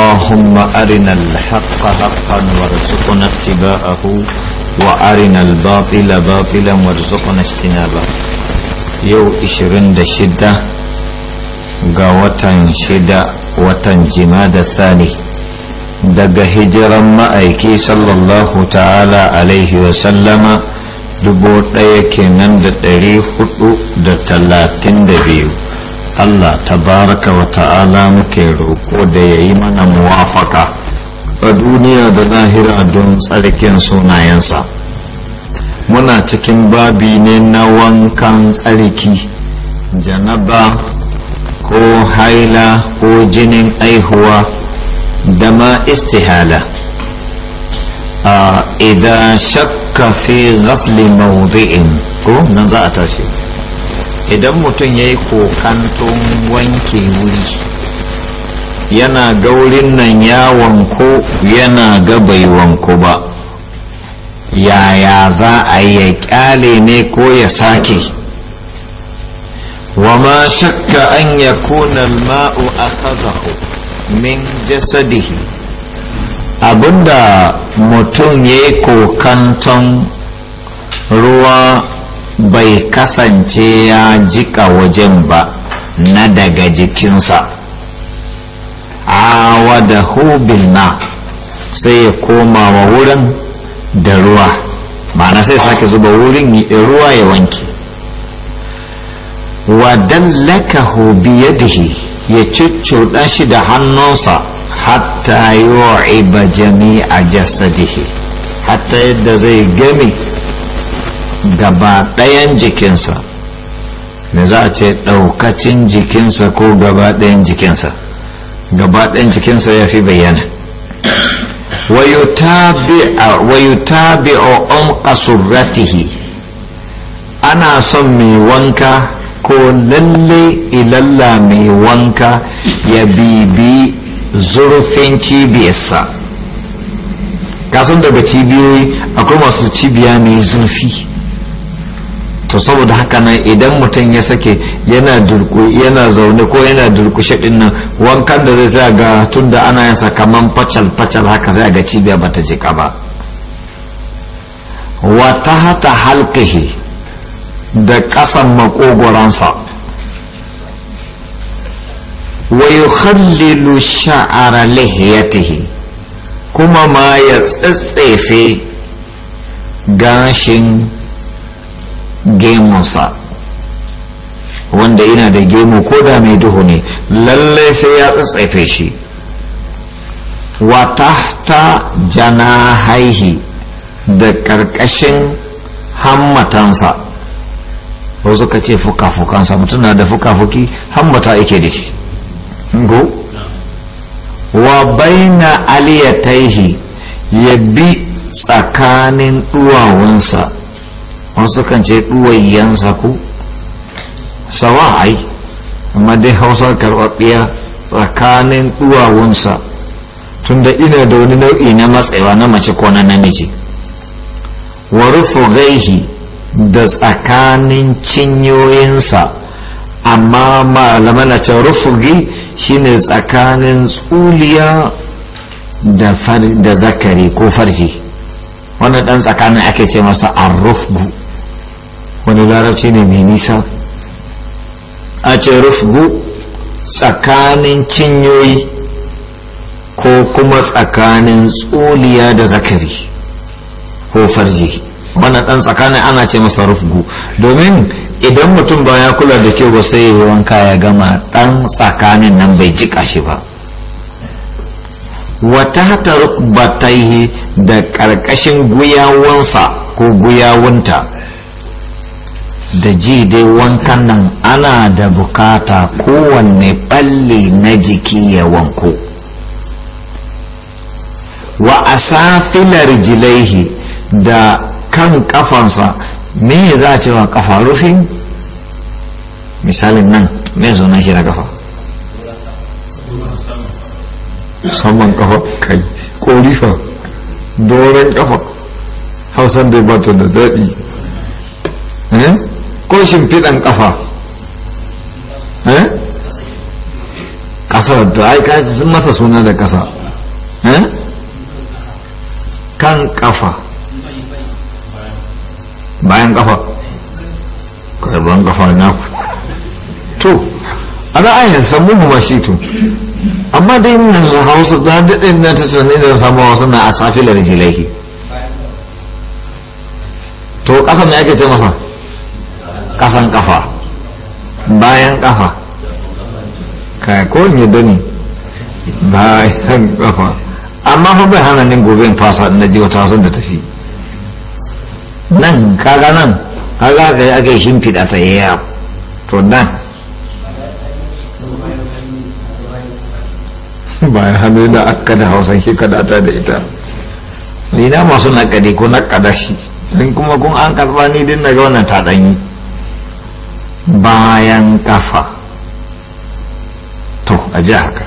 اللهم أرنا الحق حقا وارزقنا اتباعه وأرنا الباطل باطلا وارزقنا اجتنابه يو إشرين دشدة غواتن شدة واتن جماد الثاني دق هجرا ما أيكي صلى الله تعالى عليه وسلم دبوت أيكي نند تريه خطو دتلاتين دبيو Allah tabaraka wa ta'ala muke roƙo da ya yi mana muwafaka a duniya da lahira don tsarkin sunayensa muna cikin babi ne na wankan tsarki janaba ko haila ko jinin aihuwa da ma istihala a idan shakka fi ghasli mawdi'in ko nan za a tashi idan mutum ya yi kokantun wanke wuri yana gaurin nan ya wanko yana ga bai wanko ba yaya za a yi ya kyale ne ko ya sake an ya أن ma'u a أخذه min jasadihi abinda mutum ya yi kokanton ruwa bai kasance ya jika wajen ba na daga jikinsa A wada hubin na sai ya koma wa wurin da ruwa mana sai sake zuba wurin ruwa ya wanke wadan laka ya dihi ya cuccuɗa shi da hannunsa hatta yi wa jami'a jasadihi hatta yadda zai gami gaba ɗayan jikinsa me za a ce ɗaukacin jikinsa ko gaba ɗayan jikinsa gaba ɗayan jikinsa ya fi bayyana a umqa surratihi ana son mai wanka ko lalle ilalla mai wanka ya bibi zurfin cibiyarsa kasan daga cibiyoyi akwai masu cibiya mai zurfi to saboda haka nan idan mutum ya sake yana durku yana zaune ko yana durkushe shaɗin nan wankan da zai sa ga tun da ana yansa kamar facal facal haka sai ga cibiya ba ta jika ba wata hata halkahi da ƙasan makogoransa wa yukhallilu sha'ara lihiyatihi kuma ma ya tsatsefe gashin gemunsa wanda yana da gemu ko da mai duhu ne lallai sai ya tsatsaife shi wa jana haihi da karkashin hammatansa ba suka ce fuka-fukansa mutum na da fuka-fuki hammata yake da shi go wa baina aliyataihi ya bi tsakanin duwawunsa wasu kan ce ɗuwayyansa ku sawa ai amma dai hausa karɓaɓɓiya tsakanin ɗuwawunsa tunda ina da wani nau'i na matsewa na mace ko na namiji wa rufu gaihi da tsakanin cinyoyinsa amma malama na ce rufugi shine tsakanin tsuliya da zakari ko farji wannan dan tsakanin ake ce masa rufugu. wani larabci ne mai nisa a ce rufgu tsakanin cinyoyi ko kuma tsakanin tsoliya da zakari ko farji wannan dan tsakanin ana ce masa rufgu domin idan mutum ba ya kula da kyau ba sai ya wanka ya gama dan tsakanin nan bai jika shi ba wata ta yi da karkashin guyawansa ko guyawunta da ji dai wankan nan ana da bukata kowanne balle na jiki ya wanko wa asafilar jilaihi da kan kafansa me za a cewa kafa rufin misalin nan me na shi na kafa saman kafa kai korifa doron kafa hausan dai ba ta da daɗi eh? ko shimfiɗan ƙafa eh? ƙasar da ai sun masa suna da ƙasa eh? kan ƙafa bayan ƙafa ƙarban ƙafa na ku to a ra'ayin samu ba shi to amma dai mun hausa da daɗin na ta tunanin da samu hausa na a safilar jilai to ƙasar ne ake ce masa kasan kafa bayan kafa kai ko ne dani bayan kafa amma fa bai hana ni gobe in fasa na ji wata wasan da tafi nan kaga nan kaga ka yi ake shimfiɗa ta yaya to nan bayan hannu da aka da hausa shi kada ta da ita ni na masu nakade ko nakada shi in kuma kun an karba ni din na ga wannan ta danyi bayan kafa to a ji haka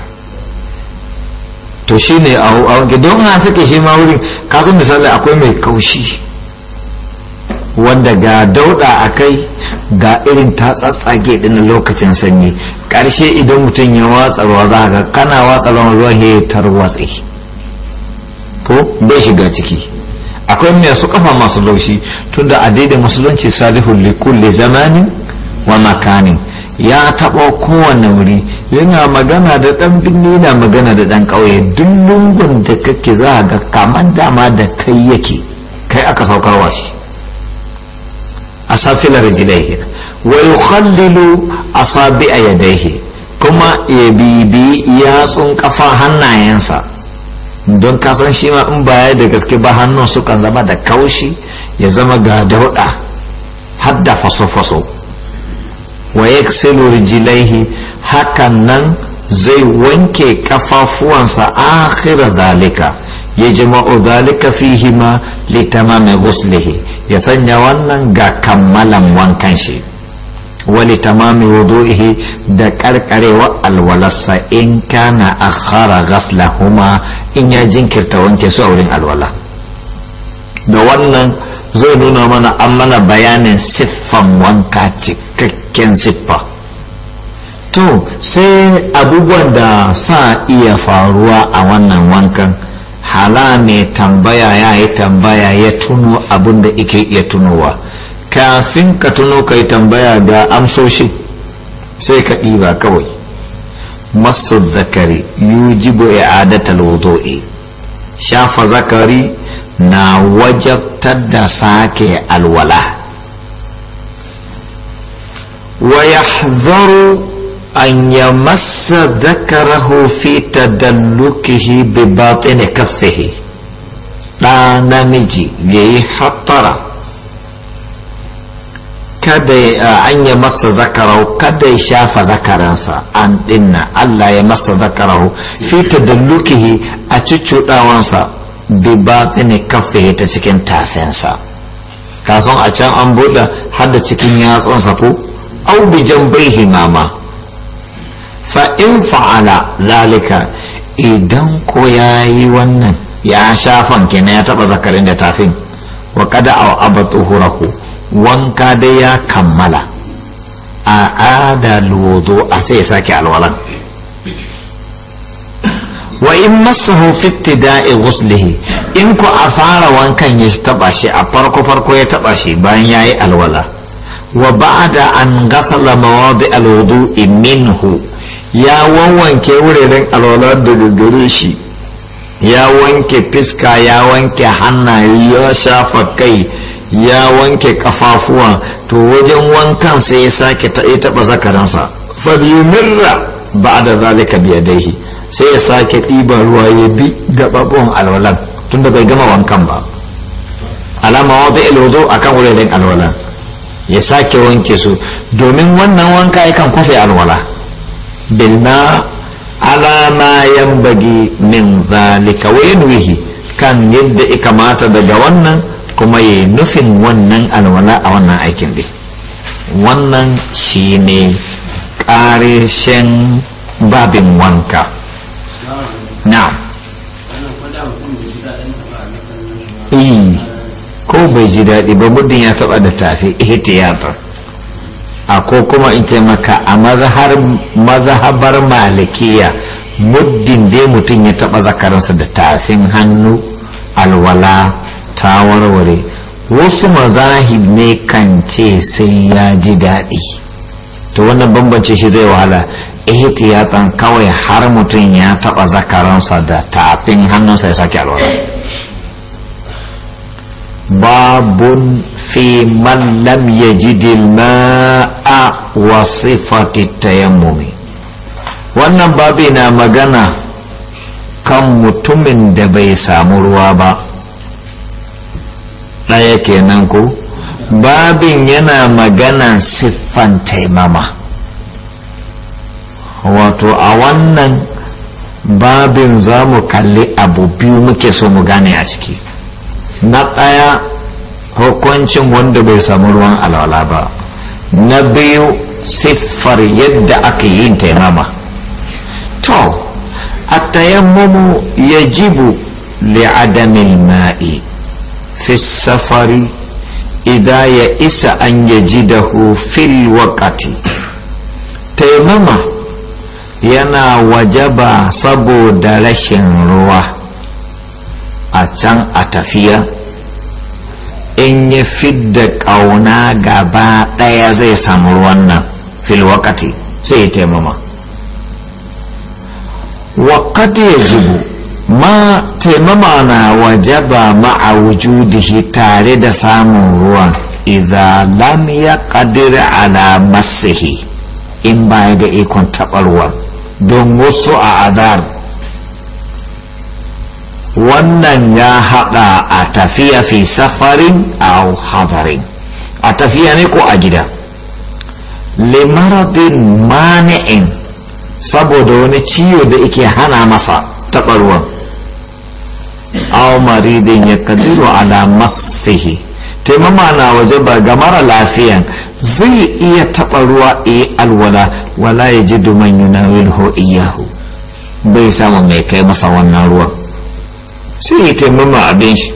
to shi ne a wanke don ha sake shi ma wurin kasu misali akwai mai kaushi wanda ga dauda a kai ga irin ta tsatsage na lokacin sanyi ƙarshe idan mutum ya watsa ruwa za ga kana watsa zuwa ya tarwatse ko bai shiga ciki akwai mai su kafa masu laushi tunda a daidai musulunci salihun likulli zamanin wa makanin ya taɓa kowane wuri yana magana da ɗan binne yana magana da ɗan ƙauye duk lungun da kake za a ga kaman dama da kai yake kai aka saukarwa shi a safilar jilaihi wa yi asabi a a yadaihi kuma ya bibi yatsun kafa hannayensa don kasan shi ma in baya da gaske ba hannun sukan zama da kaushi ya zama ga dauɗa hadda faso-faso wa yaksilu rijlaihi hakan nan zai wanke kafafuwansa akhira dalika ya jama'u dalika fihima litamami ghuslihi ya sanya wannan ga kammalan wankan shi wani tamami wudu'ihi da karkarewa alwalarsa in kana akhara huma in ya jinkirta wanke su a wurin alwala da wannan zai nuna mana an mana bayanin siffan wanka cik cikakken siffa to sai abubuwan da sa iya faruwa a wannan wankan hala mai tambaya ya yi tambaya ya tuno abin da ike iya tunowa kafin ka tuno ka yi tambaya ga amsoshi sai ka ɗiba kawai masu zakari yujibu i'adatal wudu'i shafa zakari na wajabtar da sake alwala ويحذر أن يمس ذكره في تدلكه بباطن كفه لا نمجي يي حطرة kada an ya masa zakarau kada ya shafa zakaransa an dinna Allah ya masa zakarau da tadallukihi a cuccuɗawansa bi batini kaffihi ta cikin tafensa kasan a can an buɗe har cikin yatsunsa ko أو بجنبيه ماما فإن فعل ذلك إذن كوياي ونن يا شافن كنا يتبع ذكرين يتافين وقد أو أبط أهره وانك ديا كمالا أعاد الوضوء سيساك على الولد وإن مسه في ابتداء غسله إنكو أفار وانكا يشتبع شيء أباركو فاركو يتبع شيء بان ياي الولد wa وبعد أن da مواضع الوضوء minhu ya wanke wuraren alwala daga gare shi ya wanke fiska ya wanke hannaye ya shafa kai ya wanke kafafuwa to wajen wankan sai ya sake ya taɓa zakaransa falyumirra ba da zalika biyadaihi sai ya sake ɗiban ruwa ya bi gaɓaɓɓun alwalan tunda bai gama wankan ba alama wata ilwudu akan wuraren alwala ya sake wanke su domin wannan wanka yakan kwafe alwala bilna ala ma yambagi min zalika wa yanwihi kan yadda ika mata daga wannan kuma ya nufin wannan alwala a wannan aikin dai wannan shine ƙarshen babin wanka na'am ko bai ji daɗi ba muddin ya taɓa da tafi ta a ko kuma in ce maka a mazhabar malikiya muddin dai mutum ya taɓa zakaransa da tafin hannu alwala ta warware wasu mazahib ne kan ce sai ya ji daɗi to wannan bambance shi zai wahala ihtiyatan kawai har mutum ya taɓa zakaransa da tafin hannunsa ya sake alwala باب في من لم يجد الماء وصفة التيمم wannan babi na magana kan mutumin da bai samu ruwa ba ɗaya kenan ko babin yana magana siffan taimama wato a wannan babin za mu kalli abu biyu muke so mu gane a ciki na ɗaya hukuncin wanda bai samu ruwan alwala ba na biyu siffar yadda aka yi taimama to a tayammamu ya jibu li'adamin ma'i fi safari idan ya isa an yaji da fil wakati taimama yana wajaba saboda rashin ruwa a can a tafiya in ya fidda ƙauna gaba ɗaya zai samu ruwan nan filwakati sai ya taimama wakati ya zubu ma taimama na wajaba ma'a wujudihi tare da samun ruwan idan lam ya ƙadiri ala masihi in baya ga ikon taɓarwa don wasu a adar wannan ya haɗa a tafiya fi safarin a hadarin a tafiya ne ko a gida limaradin mani'in saboda wani ciwo da ike hana masa taɓarwa aw maridin ya kadiru ala masihi taimama na waje ba ga mara lafiyan zai iya taɓa ruwa iya eh, alwala wala ya ji duman yunawil ho iyahu bai samu mai kai masa wannan ruwan sai ya taimama abin shi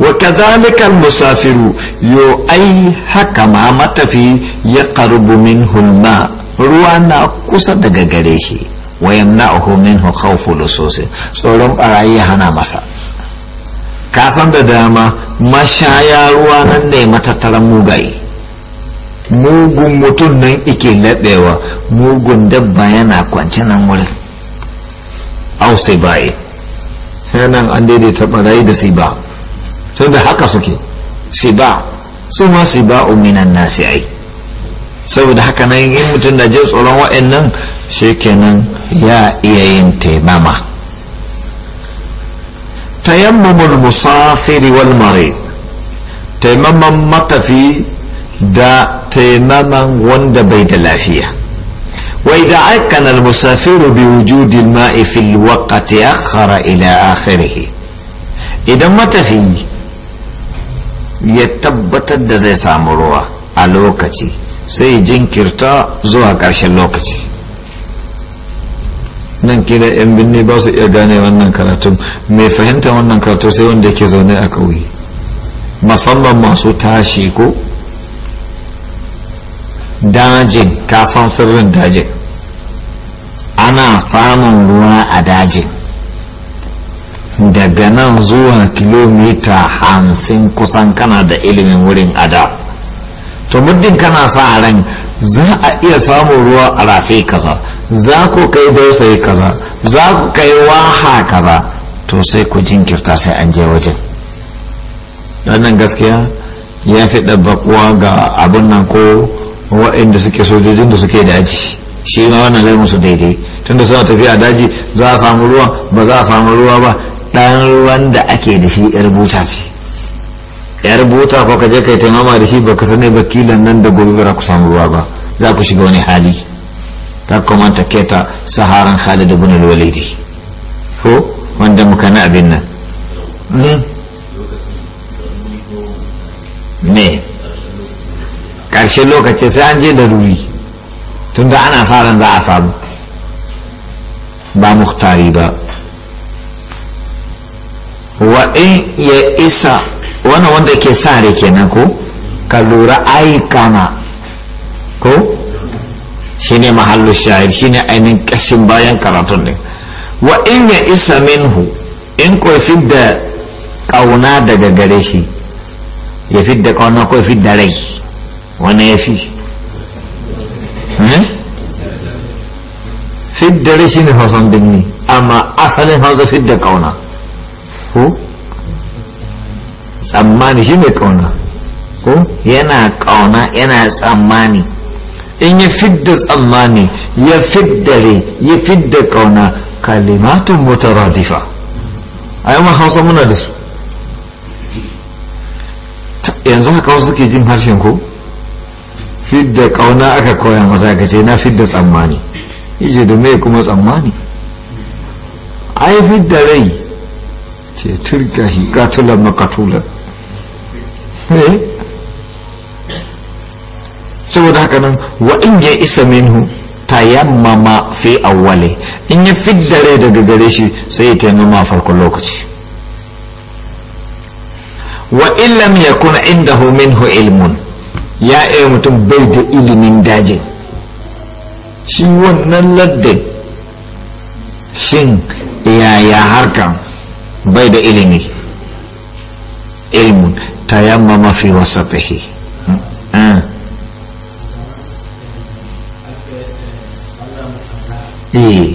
wa kadhalika musafiru yo ai haka ma matafi ya qarbu minhu ma ruwa na kusa daga gare shi wayan wa yamna'uhu minhu khawfu lususin tsoron barayi hana masa ka san da dama mashaya ruwa nan ne matattaran mugaye mugun mutum nan ike laɓewa mugun dabba yana kwance nan wurin ausai baye sai nan an daidaita barayi da siba to da haka suke siba su ma siba uminan nasi ai saboda haka nan in mutum da je tsoron wa'annan kenan ya iya yin taimama tayammumul musafiri wal mare taimaman matafi da taimaman wanda bai da lafiya وإذا أكن المسافر بوجود الماء في الوقت أخر إلى آخره إذا متى فيه ya tabbatar da zai samu ruwa a lokaci sai jinkirta zuwa ƙarshen lokaci nan kila 'yan binne ba su iya gane wannan karatun mai fahimtar wannan karatu sai wanda ke zaune a ƙauye musamman masu tashi ko dajin ka san sirrin dajin ana samun ruwa a dajin daga nan zuwa kilomita hamsin kusan kana da ilimin wurin ada to muddin kana sa a ran za a iya samun ruwa a rafe kaza za ku kai dausayi kaza za ku kai waha kaza to sai ku jinkirta sai an je wajen wannan gaskiya ya fi ɗabbaƙuwa ga abin nan ko waɗanda suke sojojin da suke daji shi ma wannan zai musu daidai tunda suna tafiya daji za a samu ruwa ba za a samu ruwa ba ɗan ruwan da ake da shi yar buta ce yar buta ko ka je kai taimama da shi ba ka sani ba kilan nan da gobe ba ku samu ruwa ba za ku shiga wani hali ta kuma keta saharan khalid da al-walidi ko wanda muka na abin nan ne hmm? ƙarshen lokaci sai an je da ruri tunda ana sa ran za a samu ba muktari ba wa in ya isa wannan wanda ke sa rai kenan ko ka lura aikana ko shine mahallu shahir shine ainihin kasin bayan karatun ne wa in ya isa minhu in ko fidda kauna daga gare shi ya fidda kauna ko fidda rai wani ya fi eh? Fidda shi ne hausan birni amma asalin hausa fidda kauna ko tsammani shi ne kauna ko yana kauna yana tsammani in ya fidda tsammani ya fiddare ya fidda kauna kalimatun mutaradifa a yi hausa muna da su yanzu haka wasu suke jin harshen ko fidda kauna aka koya masa ka ce na fidda tsammani yace da me kuma tsammani ai fidda rai ce turka shi katulan makatulan eh? saboda haka nan wa in ya isa minhu tayammama fi awwale in ya fidda rai daga gare shi sai ya taimama a farkon lokaci wa illam yakun indahu minhu ilmun ya iya mutum bai da ilimin dajin shi wannan lardin shin yaya harka bai da ilimi ilmun mafi fi wasatihi hmm. eh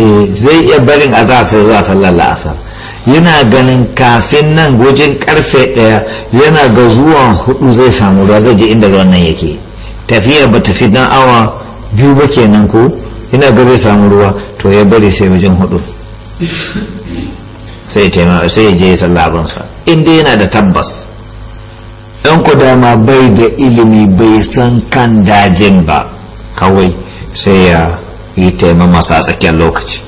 Eh, zai iya barin a za zuwa sallar la'asar yana ganin kafin nan gujin karfe daya yana ga zuwan hudu zai samu ruwa zai je inda ruwan nan yake tafiya ba tafi dan awa biyu ba kenan ko yana ga zai samu ruwa to ya bari sai wajen hudu sai ya je sallah abinsa sa inda yana da tabbas ɗan ku dama bai da ilimi bai san kan dajin ba kawai sai ya yi taimama a tsakiyar lokaci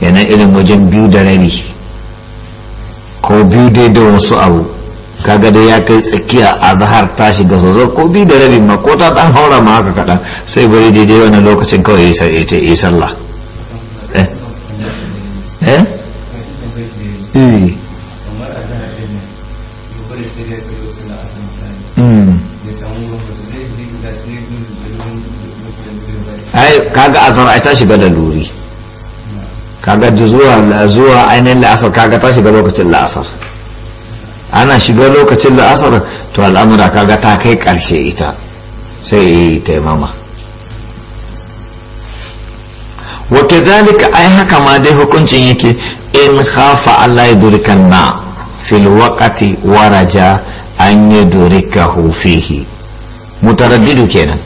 kenan irin wajen biyu da rabi ko biyu dai da wasu abu kaga dai ya kai tsakiya a zahar ta shiga sozo ko biyu da rabi ma ko ta dan haura ma haka kaɗan sai bari daidai wani lokacin kawai ya yi sallah eh eh, eh? la'asar ai ta shiga da luri kaga zuwa zuwa ainihin la'asar kaga ta shiga lokacin la'asar ana shiga lokacin la'asar to al'amura kaga ta kai karshe ita sai yi taimama wata zalika ai haka ma dai hukuncin yake in khafa allah ya durikan na fil waraja an yi durika hufihi mutaraddidu kenan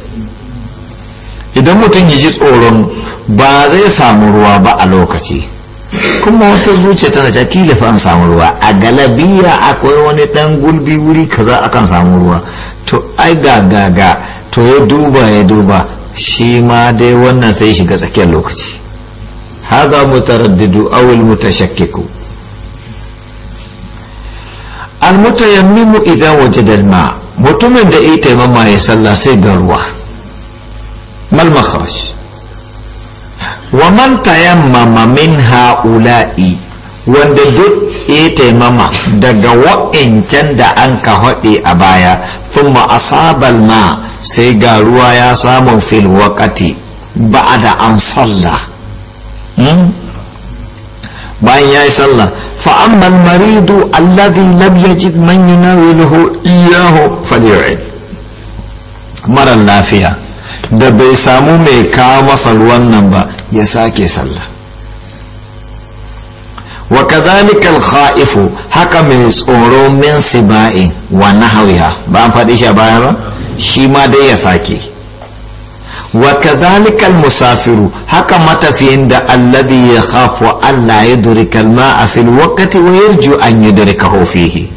idan mutum ya ji tsoron ba zai samu ruwa ba a lokaci kuma wata zuciya tana ta kila an samu ruwa a galabiya akwai wani dan gulbi wuri kaza akan samu ruwa to ai ga ga ga to ya duba ya duba shi ma dai wannan sai shiga tsakiyar lokaci haza mutaraddidu awil mutashakkiku al mutayammimu idan wajada al ma mutumin da ita mamaye ya sallah sai ga ruwa mal makharaj wa man tayammama min haula'i wanda duk ita mama daga wa'ancan da an ka haɗe a baya thumma asabal ma sai ga ruwa ya samu fil waqati ba da an salla bayan ya yi salla fa ammal maridu alladhi lam yajid man yunawilahu iyyahu falyu'id mara lafiya da bai samu mai kawo masa ruwan nan ba ya sake sallah wa kadhalika al-kha'ifu haka mai tsoro min sibai wa nahawiha ba an faɗi shi a baya ba shi ma dai ya sake wa kadhalika al-musafiru haka matafiyin da alladhi yakhafu alla yudrika al-ma'a fil waqti wa yarju an hu fihi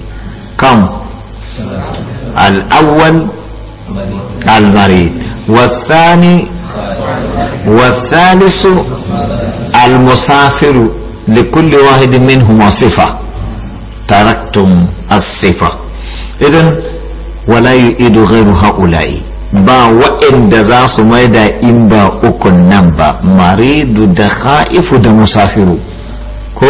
kam al-awwal al-marid والثاني والثالث المسافر لكل واحد منهما صفة تركتم الصفة إذن ولا يؤيد غير هؤلاء با وإن دزا سميدا إن با أكن نمبا مريض دخائف دمسافر كو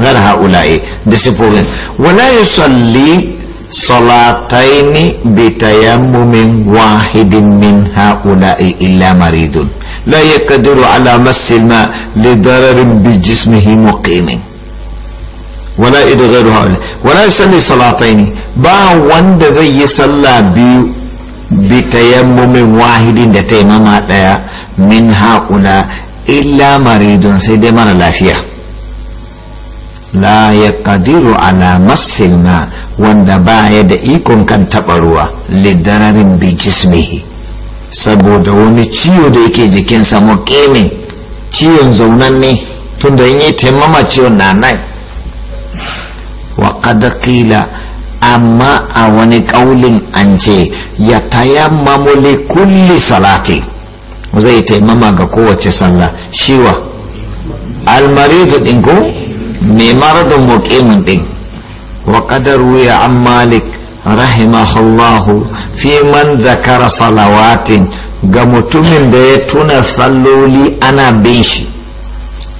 غير هؤلاء دسيبوغين ولا يصلي صلاتين بتيمم واحد من هؤلاء إلا مريض لا يقدر على مس الماء لضرر بجسمه مقيم ولا إلى غير هؤلاء ولا يصلي صلاتين با وند ذي يصلى بتيمم واحد تيمم من هؤلاء إلا مريض سيدي مرة لا فيه لا يقدر على مس الماء wanda ba ya da ikon kan taɓa ruwa lidararin bi jismihi saboda wani ciwo da yake jikinsa muƙimin ciwon zaunan ne tun da yi taimama ciwon na nan wa kadakila amma a wani ƙaulin an ce ya tayammamu kulli salati zai taimama ga kowace sallah shiwa almaridu ɗin ko mai maradin muƙimin ɗin وقد روي عن مالك رحمه الله في من ذكر صلوات ga mutumin da ya tuna salloli ana bin shi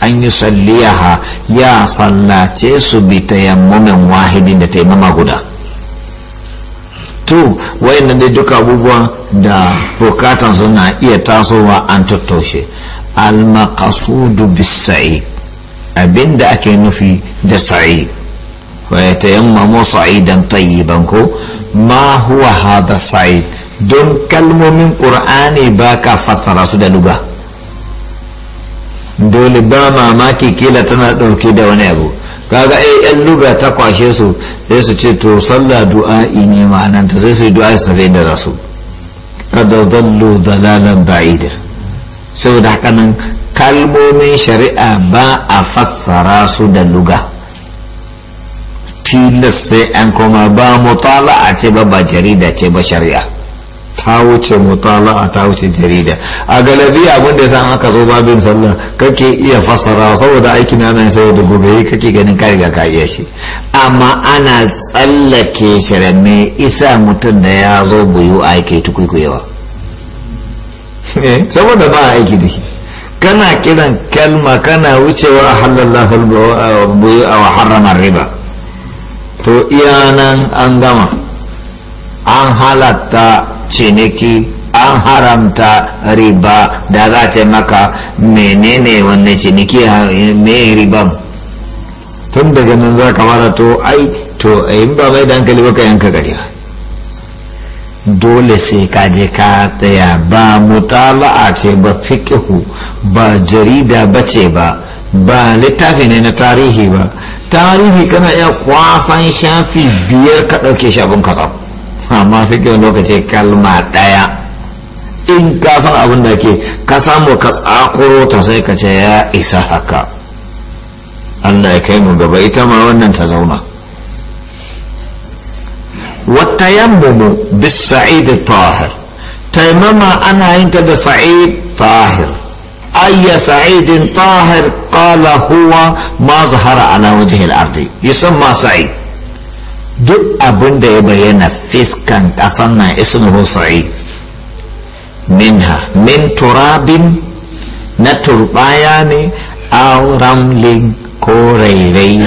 an yi salliyaha ya sallace su bi tayammumin wahidin da taimama guda to na dai duka abubuwan da bukatan suna iya tasowa an tattoshe al-maqasudu bis abinda ake nufi da sa'i ta صعيدا طيبا كو ما هو هذا الصعيد دون كلمة من قرآن باكا su da luga dole ba mamaki kila tana ɗauke da wani abu kaga ai luga ta kwashe su sai su ce to sallah du'a'i ne ma'anan ta sai su yi du'a'i sabai da rasu kada zallu dalalan ba'ida saboda haka nan kalmomin shari'a ba a fassara su da luga tilas sai an koma ba mutala'a ce ba ba jarida ce ba shari'a ta wuce mutala'a ta wuce jarida a galabi abin da san aka zo babin sallah kake iya fassara saboda aiki na nan saboda gobe kake ganin ka riga ka iya shi amma ana tsallake shirme isa mutum da ya zo buyu aiki tukuikuyewa eh, saboda ba aiki da shi kana kiran kalma kana wucewa halallahu buyu a harama riba to iyanan an gama an halatta ciniki an haramta riba da za ta maka menene wanne ciniki mai riba tun daga nan za ka mara to ai to in ba mai dankali baka yanka gari dole sai ka je ka tsaya ba mutala'a ce ba fiƙihu ba jarida ba ce ba ba littafi ne na tarihi ba tarihi kana iya kwasan shafi biyar ka ɗauke shi abin kasa amma fi kyau lokaci kalma ɗaya in ka san abin da ke ka samu ka tsakuro ta sai ka ce ya isa haka allah ya kai mu gaba ita ma wannan ta zauna wata mu bis sa'id tahir taimama ana yin ta da sa'id tahir أي سعيد طاهر قال هو ما ظهر على وجه الأرض يسمى سعيد duk abin da ya bayyana fiskan ƙasan na isnuhu sa'i minha min turabin na turbaya ne au ramlin ko rairai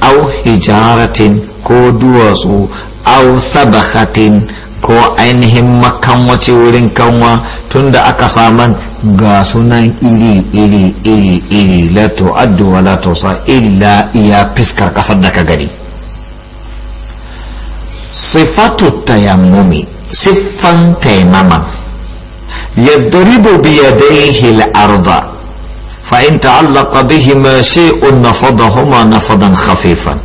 au hijaratin ko duwatsu au sabakatin ko ainihin makamwace wurin kanwa tunda aka saman ga sunan iri iri iri iri la tu'addu wa la tusa illa iya fiskar kasar da ka gani sifatu tayammumi siffan taimama yadribu bi yadayhi al-arda fa in ta'allaqa bihima shay'un nafadahuma nafadan khafifan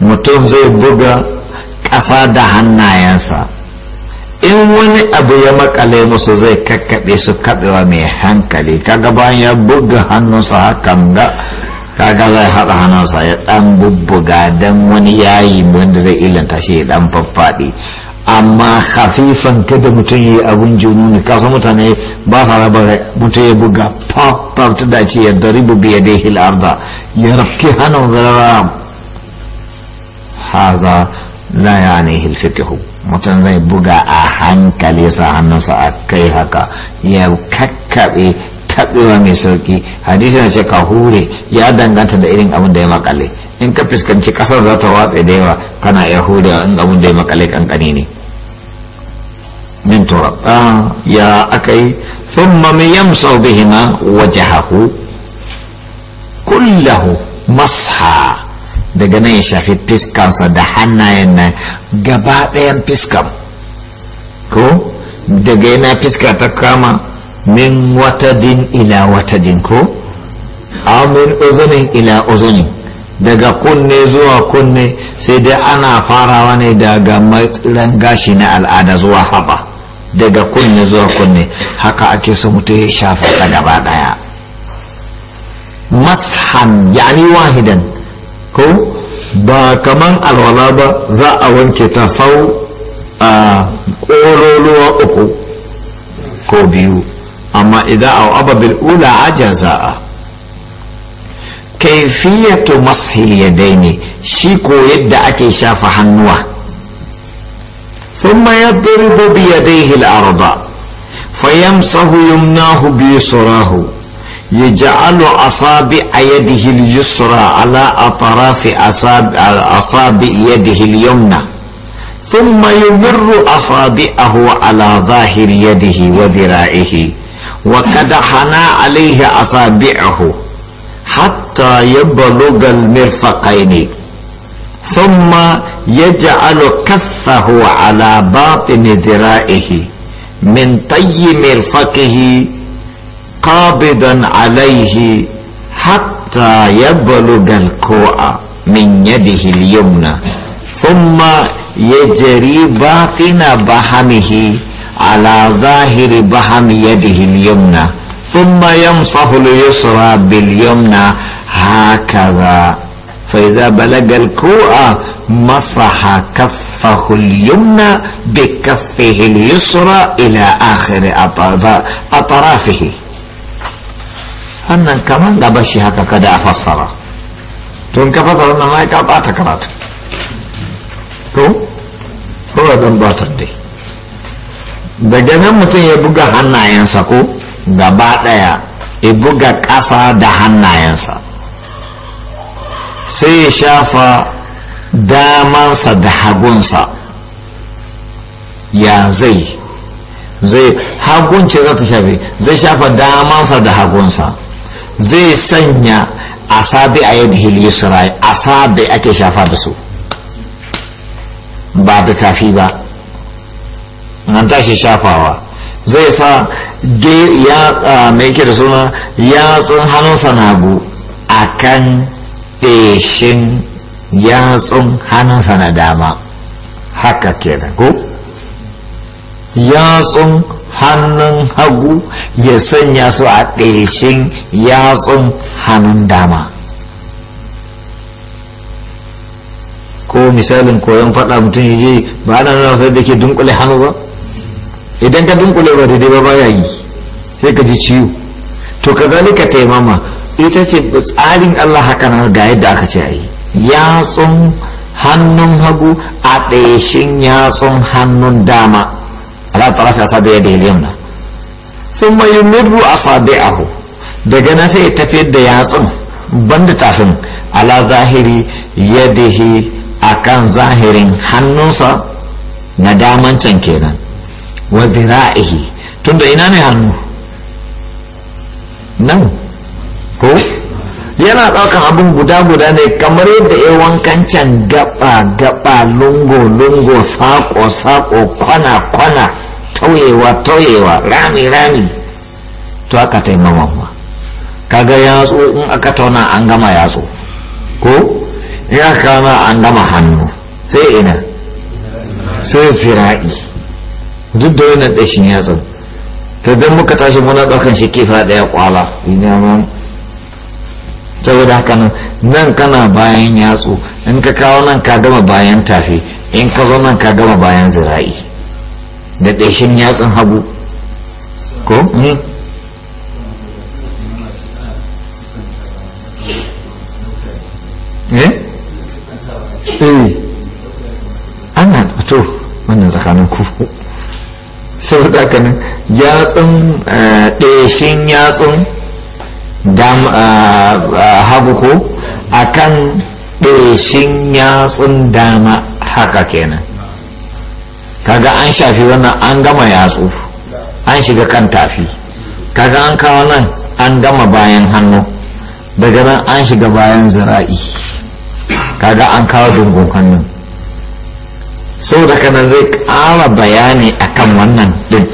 mutum zai buga ƙasa da hannayensa in wani abu ya makale musu zai kakkaɓe su kaɓewa mai hankali kaga bayan ya buga hannunsa hakan ga kaga zai haɗa hannunsa ya ɗan bubbuga don wani yayi wanda zai illanta shi ya ɗan faffaɗi amma hafifan kada mutum ya yi abun jununi kasa mutane ba sa raba mutum ya buga fafaf ta dace ya daribu biya dai hilarda ya rafki hannun zarara haza la ya ne hilfikihu mutum zai buga a hankali sa hannunsa a kai haka ya kakkaɓe taɓewa mai sauki hadisi na ce ka hure ya danganta da irin abin da ya makale in ka fuskanci ƙasar za ta watsa da yawa kana iya a in abin da ya makale kankani ne min turab ah, ya akai thumma min yamsau bihima wajahahu kullahu masha daga nan ya shafi fiskansa da hannayen na gaba ɗayan fiskan ko daga yana fiska ta kama min wata din ila wata din ko amin uzunin ila uzunin daga kunne zuwa kunne sai dai ana farawa ne daga matsiran gashi na al'ada zuwa haɓa daga kunne zuwa kunne haka ake so mutum ya shafa ta gaba ɗaya mashan yani wahidan ko ba kaman alwala ba za a wanke ta sau a ƙololuwa uku ko biyu amma idan a ababil ula ajaza'a kaifiyatu mashil ne shi ko yadda ake shafa hannuwa ثم يضرب بيديه الأرض فيمسه يمناه بيسراه يجعل أصابع يده اليسرى على أطراف أصابع, أصابع يده اليمنى ثم يمر أصابعه على ظاهر يده وذراعه وقد حنى عليه أصابعه حتى يبلغ المرفقين ثم يجعل كفه على باطن ذرائه من طي مرفقه قابضا عليه حتى يبلغ الكوع من يده اليمنى ثم يجري باطن بحمه على ظاهر بحم يده اليمنى ثم يمصح اليسرى باليمنى هكذا فإذا بلغ الكوع مسح كفه اليمنى بكفه اليسرى إلى آخر أطرافه annan kaman gaba shi haka kada a fassara tun ka fassara nan ma ka bata karatu to ba dan batar dai daga nan mutum ya buga hannayensa ko gaba daya ya buga ƙasa da hannayensa sai ya shafa damansa da hagunsa ya zai zai hagunce za ta shafe zai shafa damansa da hagunsa zai sanya asabi a yadda hilisura asabi ake shafa da su ba da tafi ba an tashi shafawa zai sa ya mai yake da suna yatsun hannun sanagu a kan ɗeshin yatsun hannunsa na dama haka kenan ko yatsun hannun hagu ya sanya su a ɗeshin yatsun hannun dama ko misalin koyon faɗa mutum ya je ba ana nuna sai da ke dunkule hannu ba idan ka dunkule ba daidai ba baya yi sai ka ji ciwo to ka ka taimama ita ce tsarin allah haka na ga yadda aka ce ayi yatsun hannun hagu a ɗeshin yatsun hannun dama ala tarafi asabi ya dahil yamna sun mai asabi'ahu daga nan sai ya tafiyar da yatsun banda tafin ala zahiri yadihi akan zahirin hannunsa na daman can kenan wa zira'ihi tunda ina ne hannu nan ko yana ɗaukan abin guda-guda ne kamar yadda ya wankan can gaba-gaba lungo-lungo sako-sako kwana-kwana tauyewa tauyewa rami rami to aka taimaman ma kaga yatsu in aka tauna an gama yatsu ko in aka kama an gama hannu sai ina sai zira'i duk da wannan ɗashin yatsun to don muka tashi muna ɗaukan shi kifa ɗaya kwala saboda haka nan nan kana bayan yatsu in ka kawo nan ka gama bayan tafi in ka zo nan ka gama bayan zira'i da ɗaishin yatsun hagu ko? Hmm. Eh? eh ana to wannan tsakanin ku saboda haka nan yatsun ɗashin eh, yatsun eh, hagu ko akan ɗashin yatsun dama haka kenan kaga an shafi wannan an gama yatsu an shiga kan tafi kaga an kawo nan an gama bayan hannu daga nan an shiga bayan zira'i kaga an kawo dungun hannun sau da kanan zai ƙara bayani akan wannan din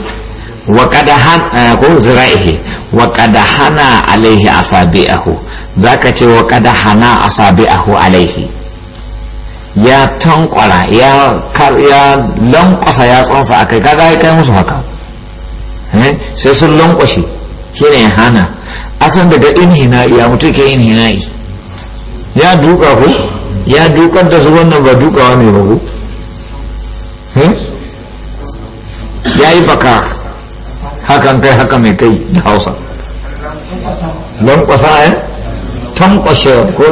eh, ko zira'ihi wa hana alaihi asabi'ahu zaka ce waƙada hana asabi'ahu alaihi ya tankwara ya kar ya lankwasa ya yatsunsa a kai kaga kai musu haka eh? sai sun lankwashe shi shine hana asan daga inhina ya mutu ke inhina ya duka ku ya dukar da su wannan ba dukawa mai ba ku eh? ya yi baka hakan kai haka mai kai da hausa lankwasa ya eh? tankwashe ko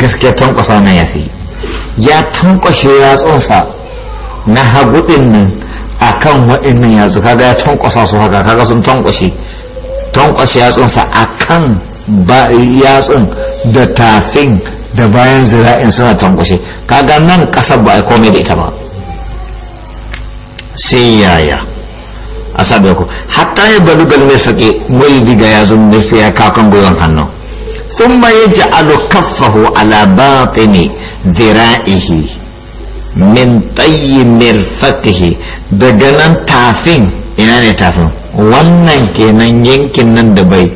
gaskiya tankwasa na ya fi ya tankwashe yatsunsa na haguɗin nan a kan waɗannan yatsu kaga ya tankwasa su haka kaga sun tankwashe tankwashe yatsunsa a kan yatsun da tafin da bayan zira'in suna tankwashe kaga nan ƙasar ba a komai da ita ba sai yaya a sabi hatta ya balu galmai faƙe mai diga yatsun mai fiya kakan kakon hannu ثم يجعل كفه على باطن ذرائه من طي مرفقه دغنا تافين ina ne tafin wannan kenan yankin nan da bai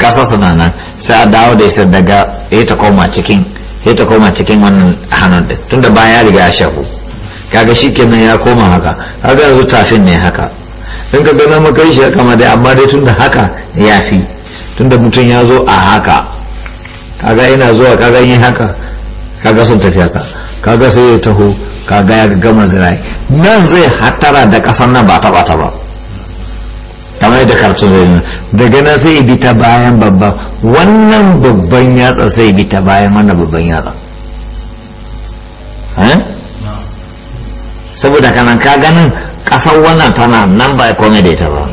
kasa sanana nan sai a dawo da isa daga ya ta koma cikin ya koma cikin wannan hannun da tunda ba ya riga ya shafu kaga shi kenan ya koma haka kaga yanzu tafin ne haka in ka gano maka shi haka ma dai amma dai tunda haka ya fi tunda mutum ya zo a haka kaga ina zuwa kaga yin haka kaga sun tafi haka kaga sai ya taho kaga ya gama zirai nan zai hatara da kasar nan ba taba ta ba kamar yadda karatu zai yi daga nan sai bi ta bayan babba wannan babban yatsa sai bi ta bayan wannan babban yatsa eh? saboda kanan ka ganin kasar wannan tana nan ba ya kome da ita ba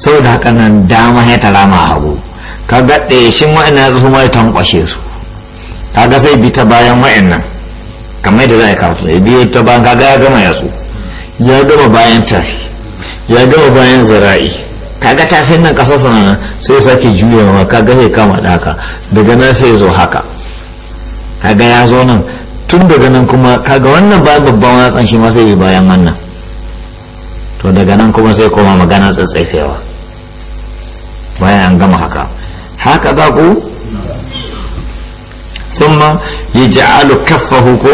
saboda haka nan dama ya tara ma hagu kaga ɗeshin wa'annan su ma ya tankwashe su ka ga sai bi ta bayan nan kamar da za a karatu ya biyo ta bayan ga ya gama yatsu ya gama bayan tari ya gama bayan ka ga tafin nan ƙasar sanana sai ya sake juyawa ga sai kama da haka daga nan sai ya zo haka ka ga ya zo nan tun daga nan kuma ka ga wannan ba babban watsan shi ma sai bi bayan wannan to daga nan kuma sai koma magana tsatsaifewa bayan an gama haka haka za ku thumma yaj'alu kaffahu ko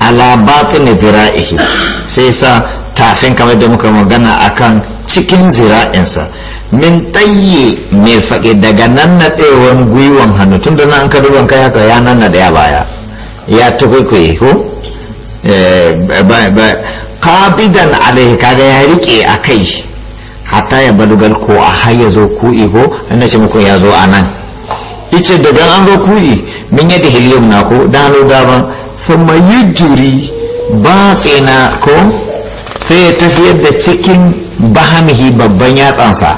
ala batin zira'ihi sai sa tafin kamar da muka magana akan cikin zira'insa min tayyi mai faɗi daga nan na ɗewan gwiwan hannu tun da nan ka duban kai haka ya nan na ɗaya baya ya tukwaikwaye ko kabidan eh, alaihi kaga ya riƙe a kai hatta ya balugal ko a har ya zo ku'i ko ina ce muku ya zo a nan ita da dan an zo ku'i min yadda hiliyum na ko dan hannu gaban sama juri ba tsina ko sai ya tafiyar da cikin bahamihi babban yatsansa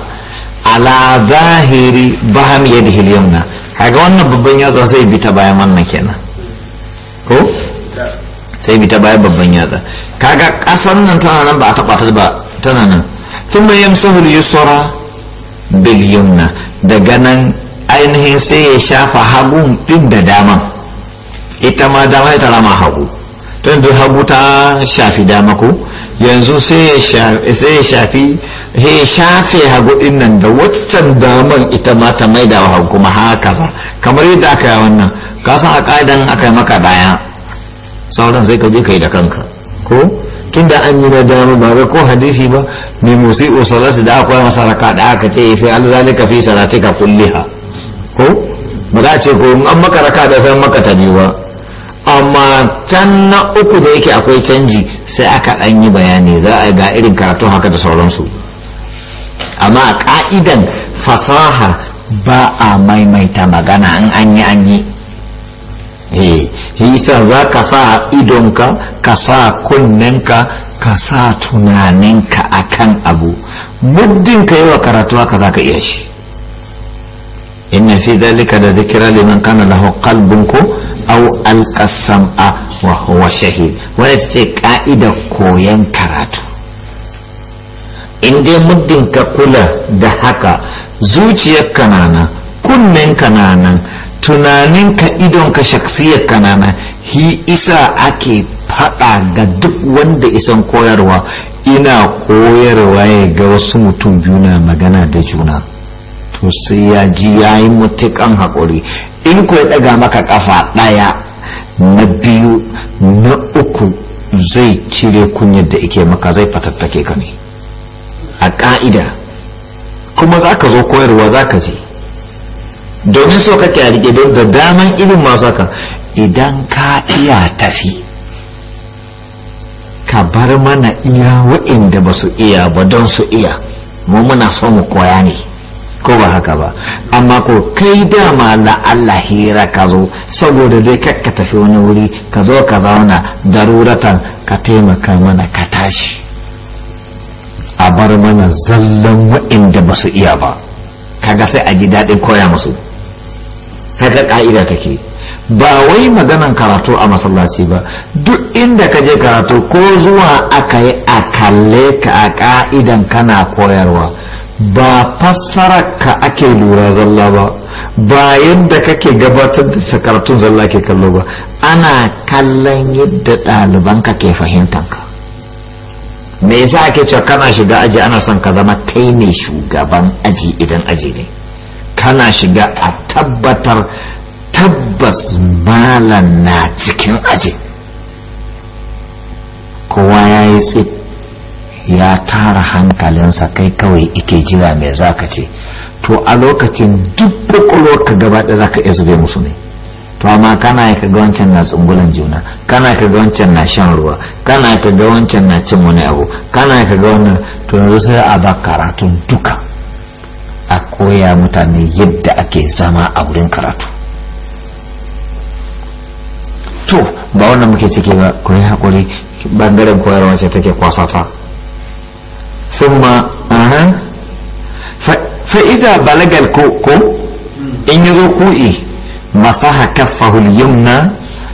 ala zahiri bahami yadda hiliyum na haga wannan babban yatsa sai bi ta bayan wannan kenan ko sai bi ta bayan babban yatsa kaga kasan nan tana nan ba a taɓa ta ba tana nan sun mai yamsahul yusra bil yumna daga nan ainihin sai ya shafa hagun din da daman ita ma dama ita rama hagu don duk hagu ta shafi dama ko yanzu sai ya shafi he shafe hagu din nan da waccan daman ita ma ta mai da hagu kuma haka za kamar yadda aka yi wannan kasan a ka'idan aka yi maka ɗaya sauran sai ka je ka yi da kanka ko tun da an yi na dama ba ga ko hadisi ba mai musi salati da akwai masa raka da aka ce fi zalika fi kulli kulliha ko ba za a ce ko an maka raka da san maka ta biyu ba amma can na uku da yake akwai canji sai aka dan yi bayani za a ga irin karatu haka da sauran su amma ka'idan fasaha ba a maimaita magana in an yi an yi eh yasa za ka sa idonka ka sa kunnenka ka sa tunaninka akan abu muddin ka yi wa karatu haka za ka iya shi inna fi dalika da zikira liman kana lahu qalbun ko au a wa huwa shahid wani ce ka'ida koyan karatu in dai muddin ka kula da haka zuciyar kanana kunnen kananan tunaninka idonka shaksiyar kanana hi isa ake faɗa ga duk wanda isan koyarwa ina koyarwa ya ga wasu mutum biyu na magana da juna to sai ya ji ya yi mutukan haƙuri in ko ya ɗaga maka ƙafa ɗaya na biyu na uku zai cire kunyar da ike maka zai fatattake ka ne a ƙa'ida kuma za ka zo koyarwa za ka je domin so kake a rike don da daman irin masu haka idan ka iya tafi ka bar mana iya wa'inda ba su iya ba don su iya mu muna so mu koya ne ko ba haka ba amma ko kai dama na Allah hira ka zo saboda dai ka tafi wani wuri ka zo ka zauna daruratan ka taimaka mana ka tashi a bar mana zallan wa'inda ba su iya ba kaga sai a ji daɗin koya masu. haka ka'ida take ba wai maganan karatu a masallaci ba duk inda ka je karatu ko zuwa aka yi a kalle ka a ka'idan kana koyarwa ba fassarar ka ake lura zalla ba ba yadda kake gabatar da sakaratun zalla ke kallo ba ana kallon yadda ɗaliban ka ke fahimtanka me yasa ake cewa kana shiga aji ana son ka zama kai ne shugaban aji idan aji ne kana shiga a tabbatar tabbas malam na cikin aji kowa ya yi tsit ya tara hankalinsa kai kawai ike jira mai zakace ce to a lokacin duk ka gaba da ka iya zube musu ne to amma kana ka ga wancan na tsungulan juna kana ka ga wancan na shan ruwa kana ka ga wancan na cin wani abu kana ka ga wannan to yanzu a ba karatun duka koya mutane yadda ake zama a wurin karatu to ba wannan muke ciki ba ku yi haƙuri ɓangaren koyarwa ce take kwasata thumma aha fa idza balagal ko ko in yazo ku'i masaha kaffahu yumna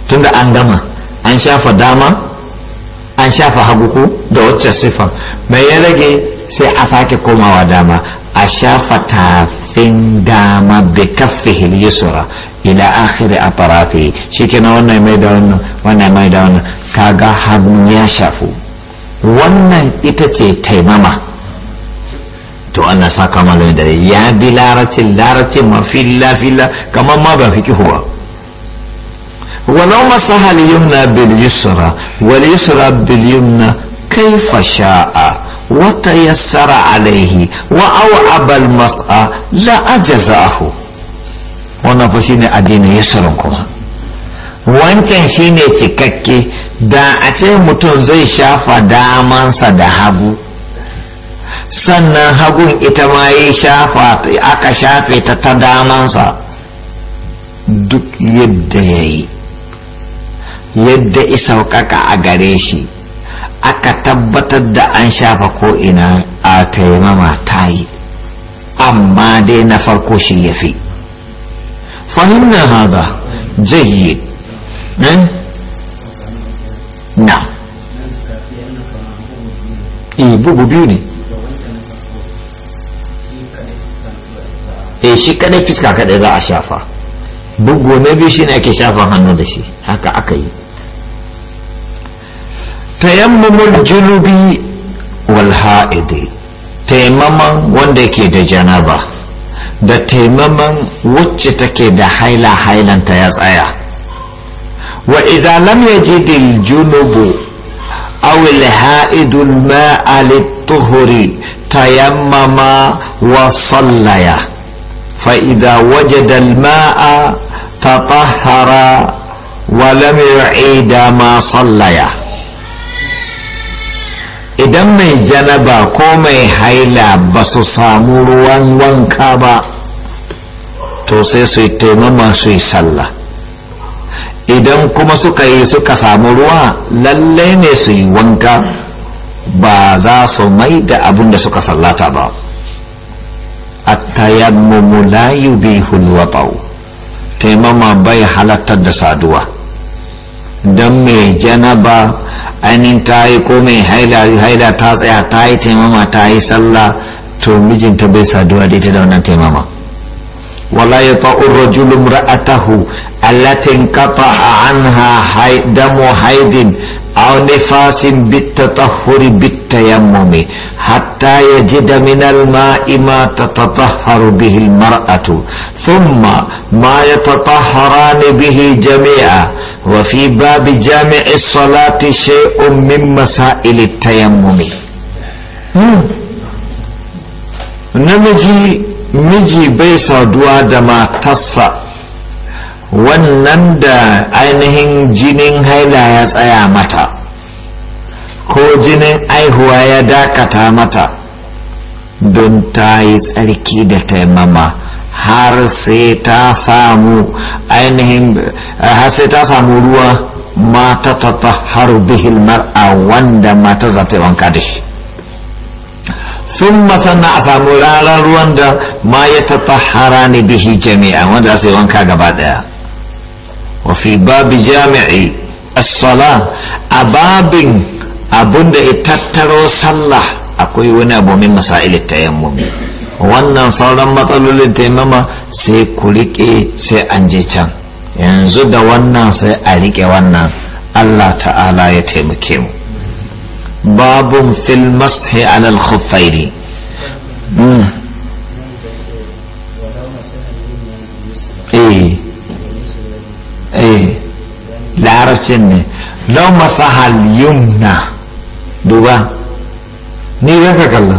tunda an gama an shafa dama an shafa hagu ko da wacce siffa mai ya rage sai a sake komawa dama أشاف تافين داما بكفه اليسرى إلى آخر أطرافه شكنا وانا ميدان وانا ميدان كاغا هبن يشافو وانا إتتي تيماما to ana saka malamin داري يا bi laracin ما في الله في الله كما ما بفك هو ولو مسح اليمنى باليسرى واليسرى باليمنى كيف شاء وتيسر عليه وأوعب المسعى لا أجزاه wannan shi ne addinin yasirin wancan shi ne cikakke da a ce mutum zai shafa damansa da hagu sannan hagun ita ma yi shafa aka shafe ta ta damansa duk yadda ya yi yadda isaukaka a gare shi aka tabbatar da an shafa ko'ina a taimama ta yi amma dai na farko shi ya fi fahimna haza jayyid na eh, bugu biyu ne e shi kadai fiska kadai za a shafa bugu na biyu shi ne ake shafa hannu da shi haka aka yi تيمم الجنوب والحائد تيمم وندك ده جنابة ده تيمم وجتك ده حيلا حيلا تياس آية وإذا لم يجد الجنوب أو الحائد الماء للطهر تيمم وصليا فإذا وجد الماء تطهر ولم يعيد ما صليا idan mai janaba ko mai haila ba su samu ruwan wanka ba to sai su yi taimama su yi sallah idan kuma suka yi suka samu ruwa lallai ne su yi wanka ba za su mai da abin da suka sallata ba a attayammumu la yubihul wata'u taimama bai halatta da saduwa don mai janaba ainihin ta yi ko mai haila ta tsaya ta yi taimama ta yi sallah to mijinta bai saduwa da ita da wannan taimama wala ya ta'ur rajulu ra'atahu allatin qata'a anha damu haidin أو نفاس بالتطهر بالتيمم حتى يجد من الماء ما تتطهر به المرأة ثم ما يتطهران به جميعا وفي باب جامع الصلاة شيء من مسائل التيمم namiji miji bai saduwa da matarsa wannan da ainihin jinin haila ya tsaya mata ko jinin aihuwa ya dakata mata don ta yi tsarki da taimama har sai ta samu ainihin har sai ta samu ruwa mata ta taharu bihil mar'a wanda mata za ta yi wanka da shi sun masana a samu ranar ruwan da ma ya tattahara ne bihi jami'a wanda za su yi wanka gaba daya وفي باب جامع الصلاة أباب أبند اتترو صلى أكوي ونابو من مسائل التيمم wannan sauran matsalolin taimama sai ku riƙe sai an je can yanzu da wannan sai a riƙe wannan allah ta'ala ya taimake mu babun fil mashi alal khuffaini hmm. eh. eh larabcin ne lau masahal yumna duba ni zan ka kalla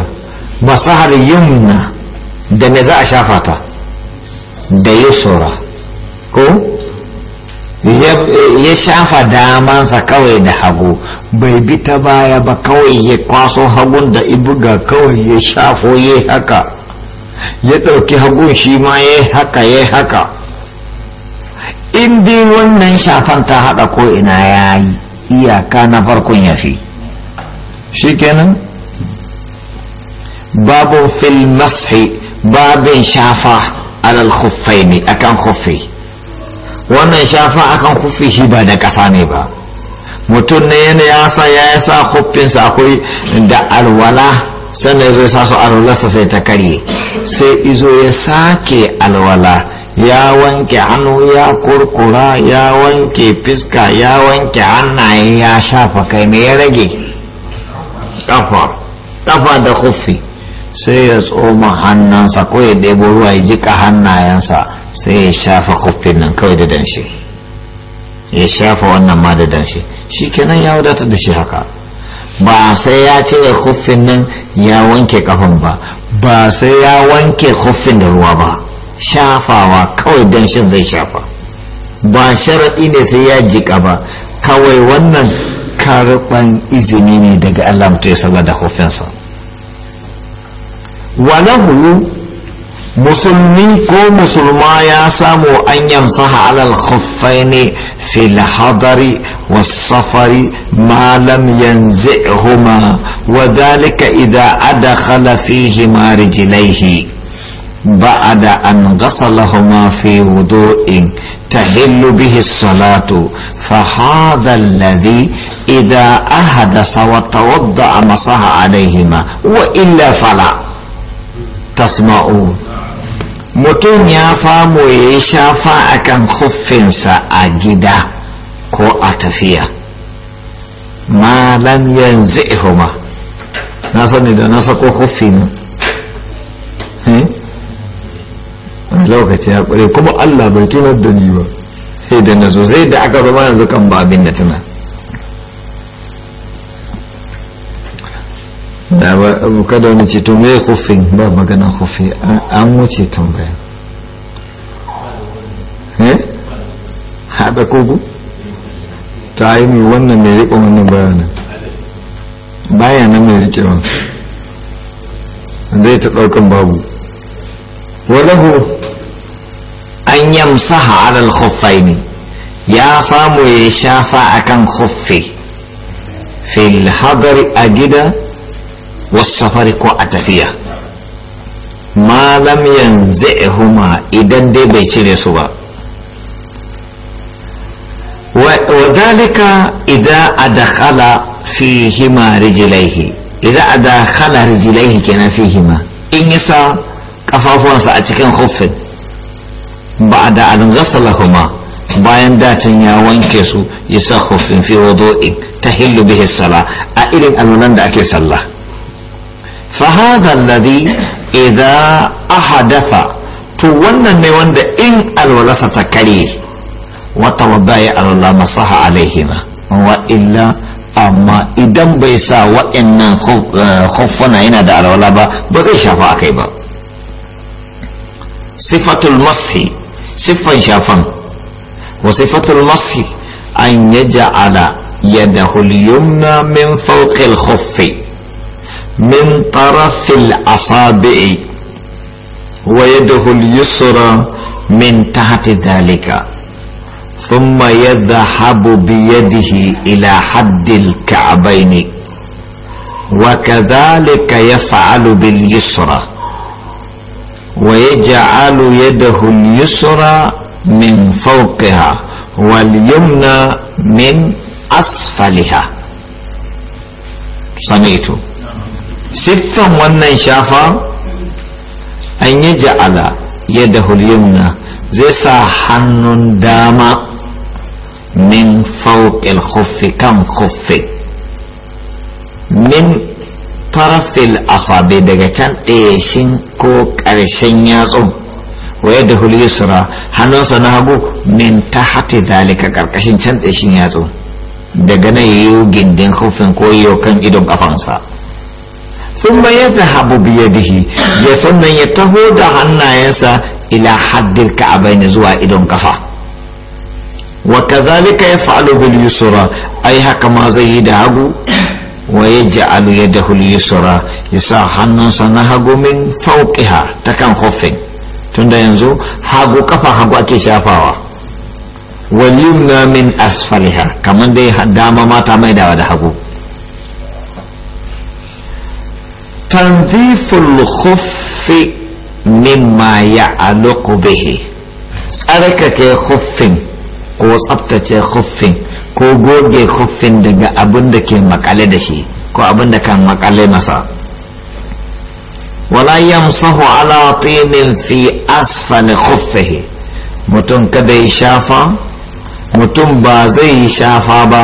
masahal yumna da me za a shafa ta da yusura ko ya shafa damansa kawai da hagu bai bi ta baya ba kawai ya kwaso hagun da ibuga kawai ya shafo ya haka ya ɗauki hagun shi ma ya haka ya haka in dai wannan shafan ta haɗa ko ina ya yi iyaka na farkon ya fi shi kenan babu fil mashi babin shafa alal khuffai ne akan khuffi wannan shafa akan khuffi shi ba da ƙasa ne ba mutum ne yana ya sa ya sa akwai da alwala sannan zai sa su alwalarsa sai ta karye sai izo ya sake alwala ya wanke hannu ya kurkura ya wanke fiska ya wanke hannaye ya shafa kai me ya rage kafa kafa da kufi sai ya tsoma hannansa ko ya ɗebo ruwa ya jika hannayensa sai ya shafa kufin nan kawai da danshi ya shafa wannan ma da danshi shi kenan ya wadatar da shi haka ba sai ya cire kufin nan ya wanke kafan ba ba sai ya wanke kufin da ruwa ba shafawa kawai danshin zai shafa ba sharaɗi ne sai ya jika ba kawai wannan karɓan izini ne daga allah mutu ya sallar da hufinsa wani hulu musulmi ko musulma ya samu an yamsa alal khuffai ne fil hadari والسفر ما لم ينزعهما وذلك إذا أدخل فيهما رجليه بعد أن غسلهما في وضوء تحل به الصلاة فهذا الذي إذا أحدث وتوضأ مسح عليهما وإلا فلا تسمعون mutum ya samu ya yi shafa a kan huffinsa a gida ko a tafiya malam yanzu ihuma na sani da na sako huffi ne lokaci ya kure kuma Allah bai tunar da ni ba sai da na so zai da aka ma yanzu kan ba abin da tuna da ba kada wani ce to mai hufin ba magana kufi an wuce tambaya eh? haɗa kogo ta yi mai wannan mai riƙo wannan bayanin baya nan mai riƙe wannan zai ta ɗaukan babu wadahu أن يمسح على الخفين يا صام يشافى أكن خفي في الحضر أجد والسفر كو أتفيه ما لم ينزعهما إذن دي بيتشيني سبا وذلك إذا أدخل فيهما رجليه إذا أدخل رجليه كان فيهما إن يسا كفافوان سأتكن خفت ba a da an ghasalahuma bayan dacin ya wanke su ya sa khuffin fi ta tahillu bihi sala a irin alunan da ake sallah fa hadha alladhi idza ahadatha to wannan ne wanda in alwalasa ta kare wata wadda ya alwala masaha alaihima wa illa amma idan bai sa wa'annan eh, khuffuna yana da alwala ba ba zai shafa a kai ba sifatul mashi siffan شافا وصفة sifatul أن يجعل يده اليمنى من فوق الخف من طرف الأصابع ويده اليسرى من تحت ذلك ثم يذهب بيده إلى حد الكعبين وكذلك يفعل باليسرى ويجعل يده اليسرى من فوقها واليمنى من أسفلها سمعت ستا ونن شافا أن يجعل يده اليمنى زي حن داما من فوق الخف كم خف من tarafil asabe daga can ɗayashin eh, ko ƙarshen yatsun waya da hulisura hannunsa na hagu min ta hati dalika ƙarƙashin can ɗayashin yatsun daga na yiwu gindin hufin ko yiwu kan idon ƙafansa sun ya zahabu biyadihi ya sannan ya taho da hannayensa ila haddil ka'abaini zuwa idon ƙafa wa kazalika ya fa'alu bil yusra ai haka ma zai yi da hagu alu ya da yadahu yusura ya sa hannunsa na hagu min fawqiha ta kan khuffin tunda yanzu hagu kafa hagu ake shafawa wal yumna min asfaliha kaman dai dama mata mai dawa da hagu tanziful khuffi mimma ya'aluqu bihi tsarkake khuffin ko tsabtace khuffin ko goge huffin daga abin da ke makale da shi ko abin da kan makale masa wala yamsahu ala tinin fi asfali khuffihi mutum kada ya shafa mutum ba zai yi shafa ba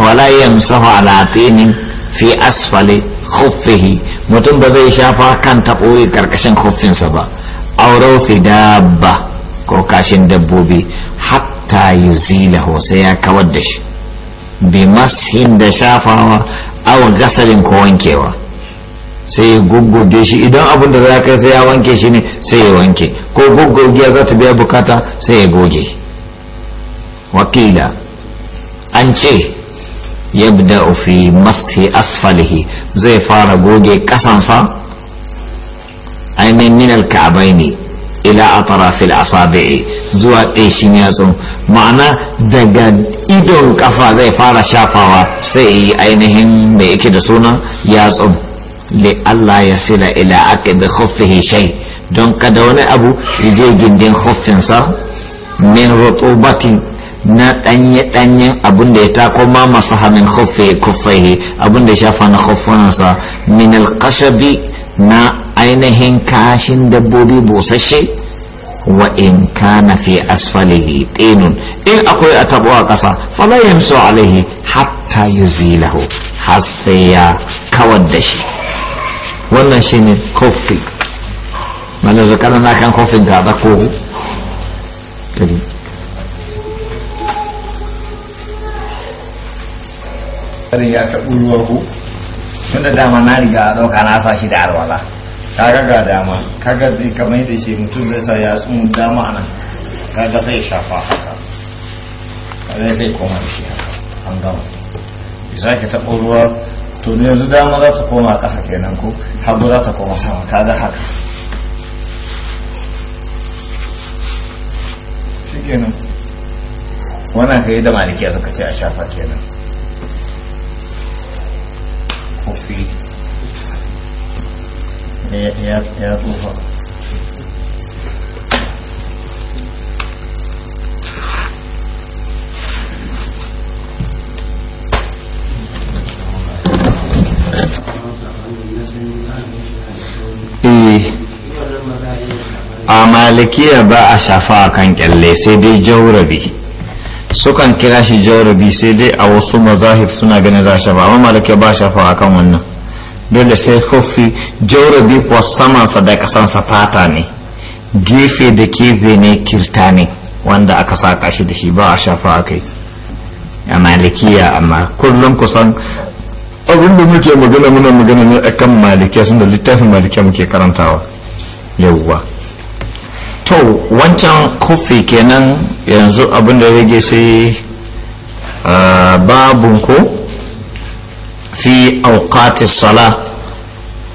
wala yamsahu ala tinin fi asfali khuffihi mutum ba zai shafa kan taɓoyi karkashin khuffinsa ba auro fi dabba ko kashin dabbobi hatta hatta yuzilahu sai ya kawar da shi bi mashin da shafawa awa gasalin ko wankewa sai ya gugguge shi idan abin da za kai sai ya wanke shi ne sai ya wanke ko guggugiya za ta biya bukata sai ya goge wakila an ce yabda fi mashi asfalihi zai fara goge kasansa ainihin minal ka'abai ne ila atrafil asabi'i zuwa ƙeshin yatsun ma'ana daga idon kafa zai fara shafawa sai yi ainihin mai yake da suna yatsun li Allah ya sila ila bi khuffihi shai don kada wani abu je gindin khuffinsa min rutubatin na danye danyen abinda ya ta koma masa hannun khuffihi kuffihi abinda ya shafa na khuffinsa min alqashabi na ainihin kashin dabbobi busasshe wa in kana fi asfalihi tinun in akwai a tabo a ƙasa fala yamsu alaihi hatta yuzilahu har sai ya kawar da shi wannan shine kofi mana zo kana kan kofi ga da ko ya taɓu ruwa ko tunda dama na riga a ɗauka na sa shi da alwala Ka ga dama kaga zai kamar yadda shi mutum zai sa yatsun dama nan kaga sai shafa haka kaga sai koma da shi haka an gama isa ki taɓa ruwa to yanzu dama za ta koma ƙasa kenan ko hagu za ta koma sama kaga haka shi kenan wannan ka yi da Maliki a suka ce a shafa kenan kofi ya tsufa a malikiya ba a shafa a kan kyalle sai dai jaurabi sukan kira shi jaurabi sai dai a wasu mazahib suna ganin za a shafa amma malikiya ba a shafa a kan wannan dole sai kofi jawrabi kuwa samansa da kasansa fata ne gefe da kefe ne kirta ne wanda aka saka shi da shi ba a shafa a a malikiya amma kullum kusan abin da muke magana muna magana ne akan malikiya sun da littafin malikiya muke karantawa yawwa to wancan kofi kenan yanzu abin da rage sai ah, babun ko fi auqati sala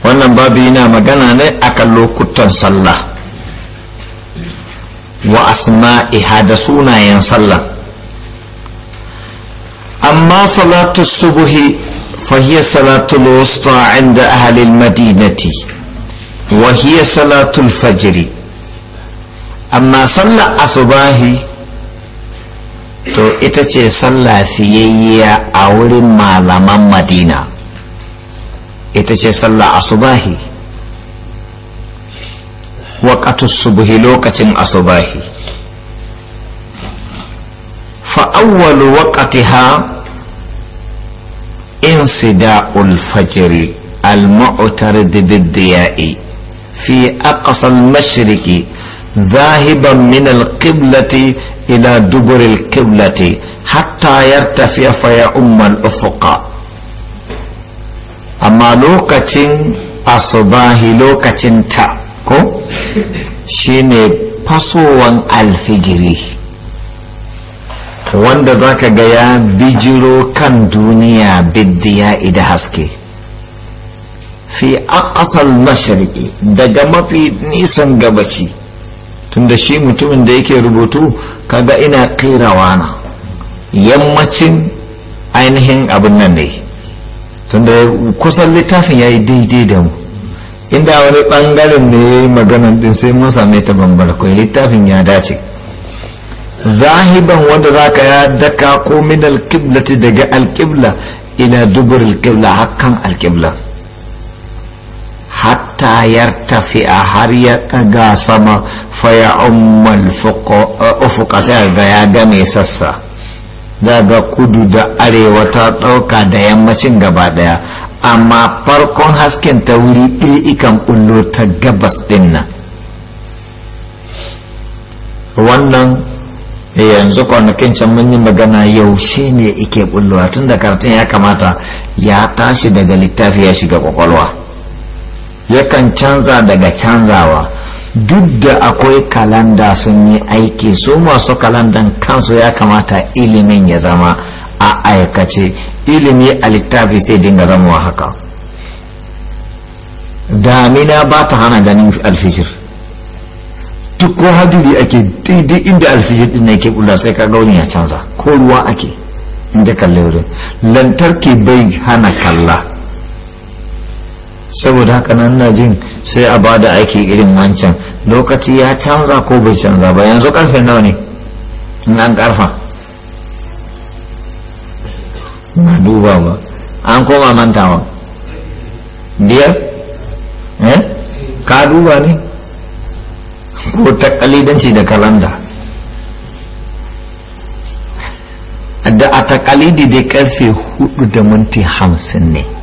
wannan babu yana magana ne akan lokutan sallah wa asma'iha da sunayen sallah amma salatu subuhi فهي صلاة الوسطى عند أهل المدينة وهي صلاة الفجر أما صلى الصباح to ita ce sallah fiyayya a wurin malaman madina ita ce sallah asubahi waƙatus subuhi lokacin asubahi fa'awwalu waƙatiha insida'ul fajri al-mu'tar biddiya'i fi aqsal mashriqi ذاهبا من القبلة إلى دبر القبلة حتى يرتفع ummar الأفق أما لوكتين أصباه لوكتين تا ko shine fasowan alfijiri wanda zaka ga ya bijiro kan duniya biddiya ida haske fi aqsal mashriqi daga mafi nisan gabashi tunda shi mutumin da yake rubutu kaga ina kirawa na yammacin ainihin abin nan ne tunda kusan littafin ya yi daidai da mu inda wani bangaren ne ya yi maganan din sai mun same ta bambara kai littafin ya dace zahiban wanda za ka ya daka ko min alkiblati daga alkibla ila dubur alkibla hakan alkibla hatta a har ya daga sama umar ufuka sai ga ya game sassa daga kudu da arewa ta ɗauka da yammacin gaba ɗaya amma farkon hasken ta wuri ɗaya ikan ɓullo ta gabas ɗin nan wannan yanzu kwanakin can mun yi magana yaushe ne ike bullowa tun da karatun ya kamata ya tashi daga littafi ya shiga kwakwalwa yakan canza daga canzawa duk da akwai kalanda sun yi aiki su masu kalandan kansu ya kamata ilimin ya zama a aikace ilimi a littafi sai dinga zama haka damina ba ta hana ganin alfijir duk ko hajjuri ake daidai inda alfijir din yake bulla sai ka gauni ya canza ko ruwa ake inda kalle wurin lantarki bai hana kalla saboda haka nan na jin sai a ba da aiki irin wancan lokaci ya canza ko bai canza ba yanzu karfe nawa ne nan karfa ba duba ba an koma mantawa biyar eh? ka duba ne ko takalidanci da kalanda da a takalidi dai karfe hudu da minti hamsin ne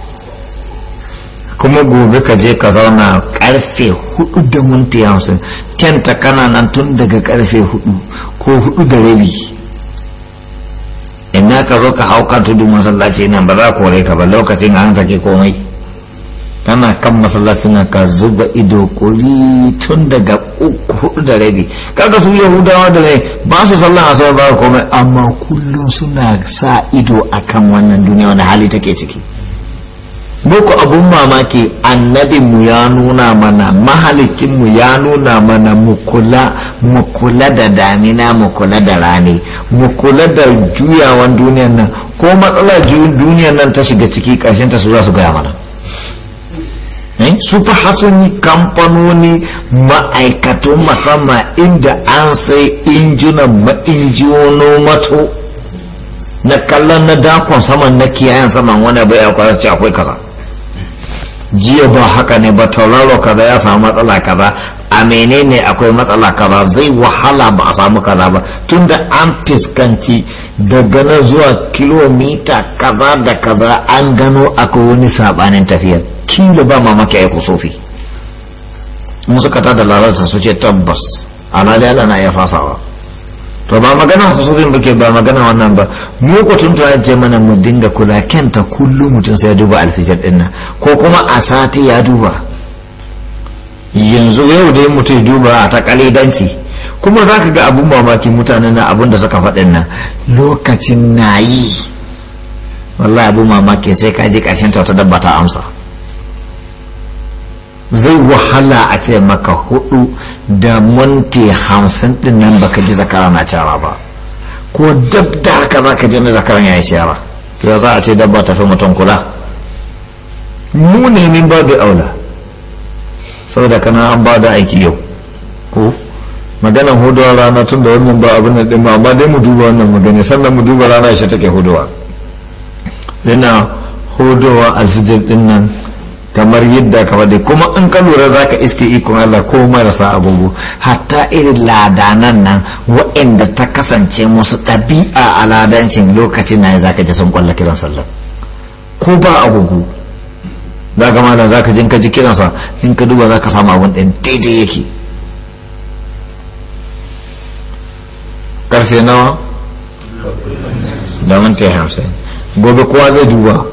kuma gobe ka je ka zauna karfe hudu da minti hamsin kenta kana nan tun daga karfe hudu ko hudu da rabi ina ka zo ka hauka tudu masallaci nan ba za kore ka ba lokacin an take komai kana kan masallaci nan ka zuba ido kuri tun daga uku hudu da rabi kaga su yahudawa da rai ba su sallan asabar ba komai amma kullum suna sa ido akan wannan duniya wani hali take ciki muku abun mamaki annabinmu ya nuna mana mahalicinmu ya nuna mana mukula mukula da damina mukula da rani mukula da juyawan duniyan nan ko matsala duniyan nan ta shiga ciki ƙarshen ta su za su gaya mana eh? su fa kamfanoni ma'aikatu musamman inda an sai injunan ma'injiyono mato na kallon na dakon saman na kiyayen saman wani bai akwai kasa jiya ba haka ne ba tauraro kaza ya samu matsala kaza a menene akwai matsala kaza zai wahala ba a samu kaza ba tunda an fiskanci daga na zuwa kilomita kaza da kaza an gano akwai wani sabanin tafiya kila ba mamaki ya sofi musu kata da lalata su ce tabbas alali na ya fasawa ba ba magana hasudin sufin ba ba magana wannan ba mu ko tun ce mana mu dinga kula kenta kullum mutum sai ya duba alfijar din ko kuma a sati ya duba yanzu yau dai mutum duba a ta danci kuma za ka ga abun mamaki mutanen na abun da suka faɗin nan lokacin na yi wallahi abun mamaki sai ka je ƙarshen ta wata dabba ta amsa zai wahala a ce maka hudu da minti hamsin din nan baka ji zakara na cara ba ko dab da haka za ka ji na zakaran ya yi cara ya za a ce dabba fi mutum kula mu ne min aula saboda kana an ba da aiki yau ko magana huduwa rana tun da wannan ba abin nan ɗin amma dai mu duba wannan mu sannan mu duba rana shi take huduwa yana huduwa alfijir din nan kamar yadda ka faɗi kuma in ka lura za ka iske ikon Allah ko marasa abubu hatta irin ladanan nan waɗanda ta kasance musu ɗabi'a a ladancin lokacin na za ka ji sun ƙwallo kiran sallah ko ba agugu za ka malam za ka jin ka ji kiransa in ka duba za ka samu abun ɗin daidai yake karfe nawa da minti hamsin gobe kowa zai duba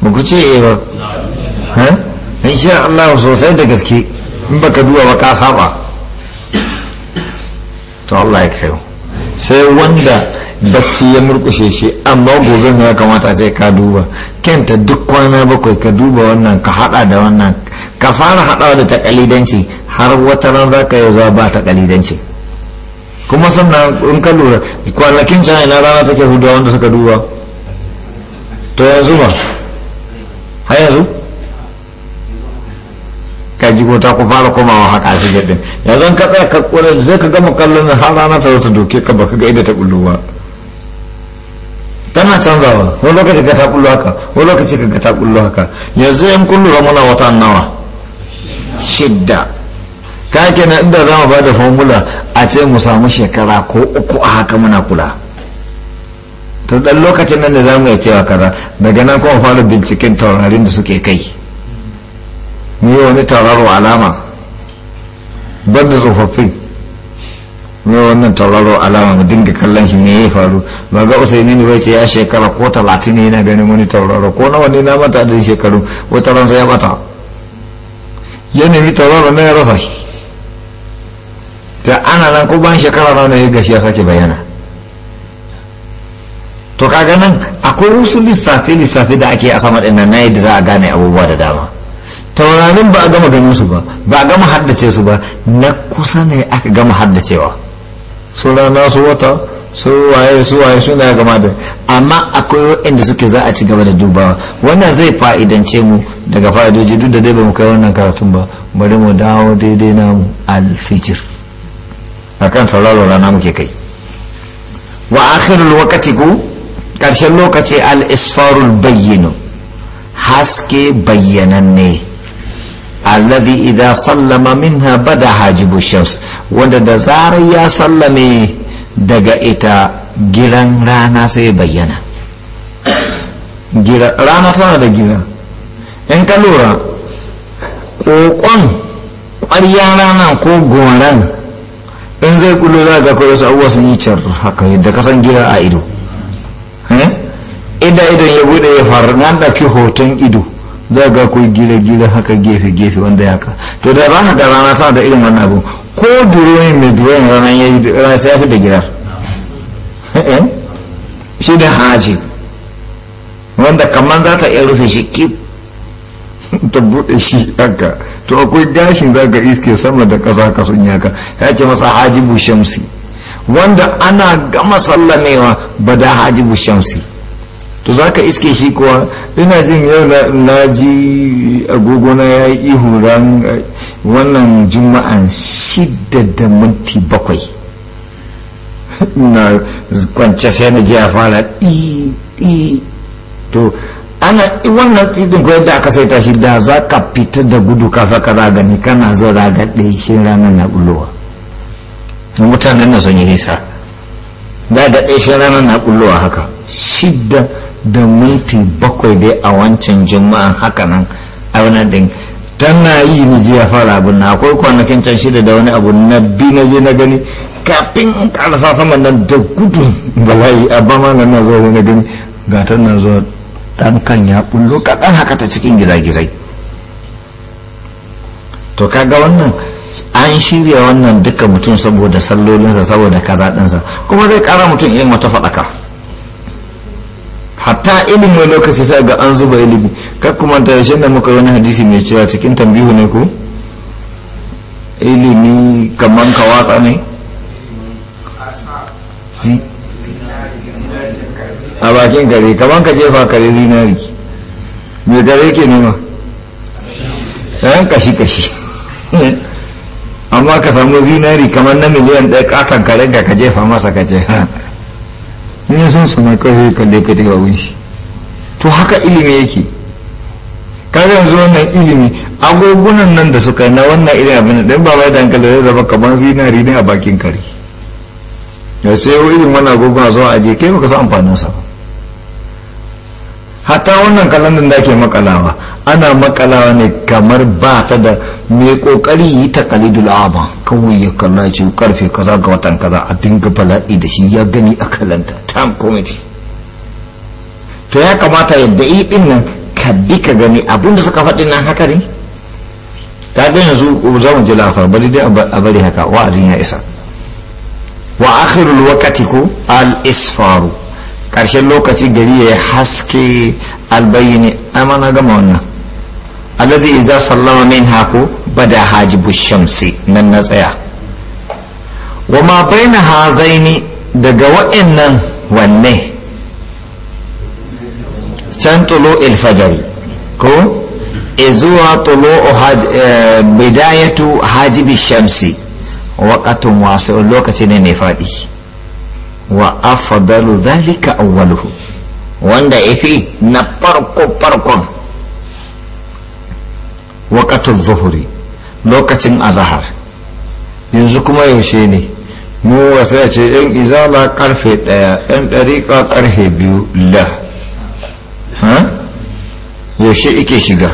ba ku ce eh ba in sha Allah sosai da gaske in baka duwa ba ka saba to Allah ya kai sai wanda bacci ya murkushe shi amma gobe ne ya kamata sai ka duba kenta duk kwana bakwai ka duba wannan ka hada da wannan ka fara hadawa da takalidanci har wata ran za ka yi zuwa ba takalidanci kuma sannan in ka lura kwanakin can ina rana take hudu wanda suka duba to yanzu ba har yanzu ka ji ta ku fara komawa haka a shigar din yanzu ka tsaya ka kura zai ka gama kallon har rana ta ta doke ka baka ga inda ta kullu ba tana canzawa wani lokaci ka ta kullu haka wani lokaci ka ta kullu haka yanzu yan kullu muna wata nawa shidda ka kenan inda za mu ba da formula a ce mu samu shekara ko uku a haka muna kula to dan lokacin nan da za mu iya cewa kaza daga nan kuma fara binciken taurarin da suke kai mu yi wani tauraro alama ban da tsofaffin mu yi wannan tauraro alama mu dinga kallon shi me ya faru ba ga usaimini wai ce ya shekara ko talatin ne yana ganin wani tauraro ko nawa wani na mata da shekaru wata ransa ya bata ya nemi tauraro na ya rasa shi ta ana nan ko ban shekara na ya gashi ya sake bayana to kaga nan akwai wasu lissafi lissafi da ake a sama dinnan na yadda za a gane abubuwa da dama taurarin ba a gama ganin su ba ba a gama haddace su ba na kusa ne aka gama haddacewa su rana su wata su waye su waye su na gama da amma akwai waɗanda suke za a ci gaba da dubawa wannan zai fa'idance mu daga fa'idoji duk da dai ba mu kai wannan karatun ba bari mu dawo daidai namu alfijir akan tauraro rana muke kai wa akhirul waqti ku ƙarshen lokaci al-isfarul bayyinu haske bayyananne alladhi idan sallama minha bada hajibu shams wanda da zarar ya sallame daga ita giran rana sai bayyana rana tana da gira in ka lura kokon ƙwarya rana ko goran in zai kulo za ga kawai su sun yi can haka yadda kasan gira a ido Eh? ida idan ya bude ya faru na ɗauki hoton ido za ga ku gida gida haka gefe-gefe wanda ya ka to da za ga rana ta da irin wannan abu ko duroyin mai duroyin rana ya yi rana sai ya fi da gidar eh? shi da haji wanda kamar za ta iya rufe shi ki ta bude shi haka to akwai gashin za ga iske sama da kasa kasun yaka ya ce masa bu shamsi wanda ana gama sallamewa ba da hajibu shamsi to za ka iske shi kuwa ina jin yau na ji agogona ya yi ihuran wannan juma'an shida da minti bakwai na kwance sai na ji a fara ɗi to ana wannan titin ko yadda aka saita shi da za ka fita da gudu kafa ka zagani kana zo zaga shi ranar na bulowa mutanen da sun yi nisa da da ɗaya ranar na a haka shida da minti bakwai dai a wancan juma'an haka nan a wani din na yi ni jiya fara abin na akwai kwanakin can shida da wani abu na bi na je na gani kafin in karasa saman nan da gudun bala'i a bama nan na zuwa na gani gatan na zuwa dan kan ya ɓullo kaɗan haka ta cikin gizagizai to kaga wannan an shirya wannan duka mutum saboda sallolinsa saboda kaza ɗinsa kuma zai ƙara mutum irin wata faɗaka hatta ilimin lokaci sai ga an zuba ilimi kar kuma ta yashin da muka wani hadisi mai cewa cikin tambihu ne ko ilimi kaman ka watsa ne a bakin kare kaman ka jefa kare zinari mai kare ke nema ɗan kashi-kashi amma ka samu zinari kamar na miliyan ɗaya katon rinka ka jefa masa ka ce ha in sun su mai kawai ka dai ka dai shi to haka ilimi yake kaga yanzu wannan ilimi agogunan nan da suka na wannan irin abin dan ba mai dankali zai zama kamar zinari ne a bakin kare da sai irin wannan agogunan zuwa aje kai baka san amfanin sa ba hatta wannan kalandar da ake makalawa ana makalawa ne kamar ba ta da mai kokari yi ta kalidul ama kawai ya kalla ce karfe kaza ga watan kaza a dinga bala'i da shi ya gani a kalanta time comedy to ya kamata yadda yi din nan ka bi ka gani abinda suka faɗi nan haka ne ta ga yanzu za mu ji lasar bari dai a bari haka wa'azin ya isa wa akhirul waqati ko al isfaru Karshen lokaci gari ya haske albayini a na gama wannan alazi idza sallama min haku bada hajibu shamsi nan na tsaya wa ma baina hazaini daga wa'annan wanne can tulo ilfajari ko izuwa tulo eh, bidayatu hajibi shamsi waƙatun wasu lokaci ne mai faɗi wa afadalu zalika awwaluhu wanda yafi na farko farkon wakatun zuhuri lokacin azhar yanzu kuma yaushe ne mu wasa ce yan izala karfe daya yan dariƙa karfe biyu la ha yaushe ike shiga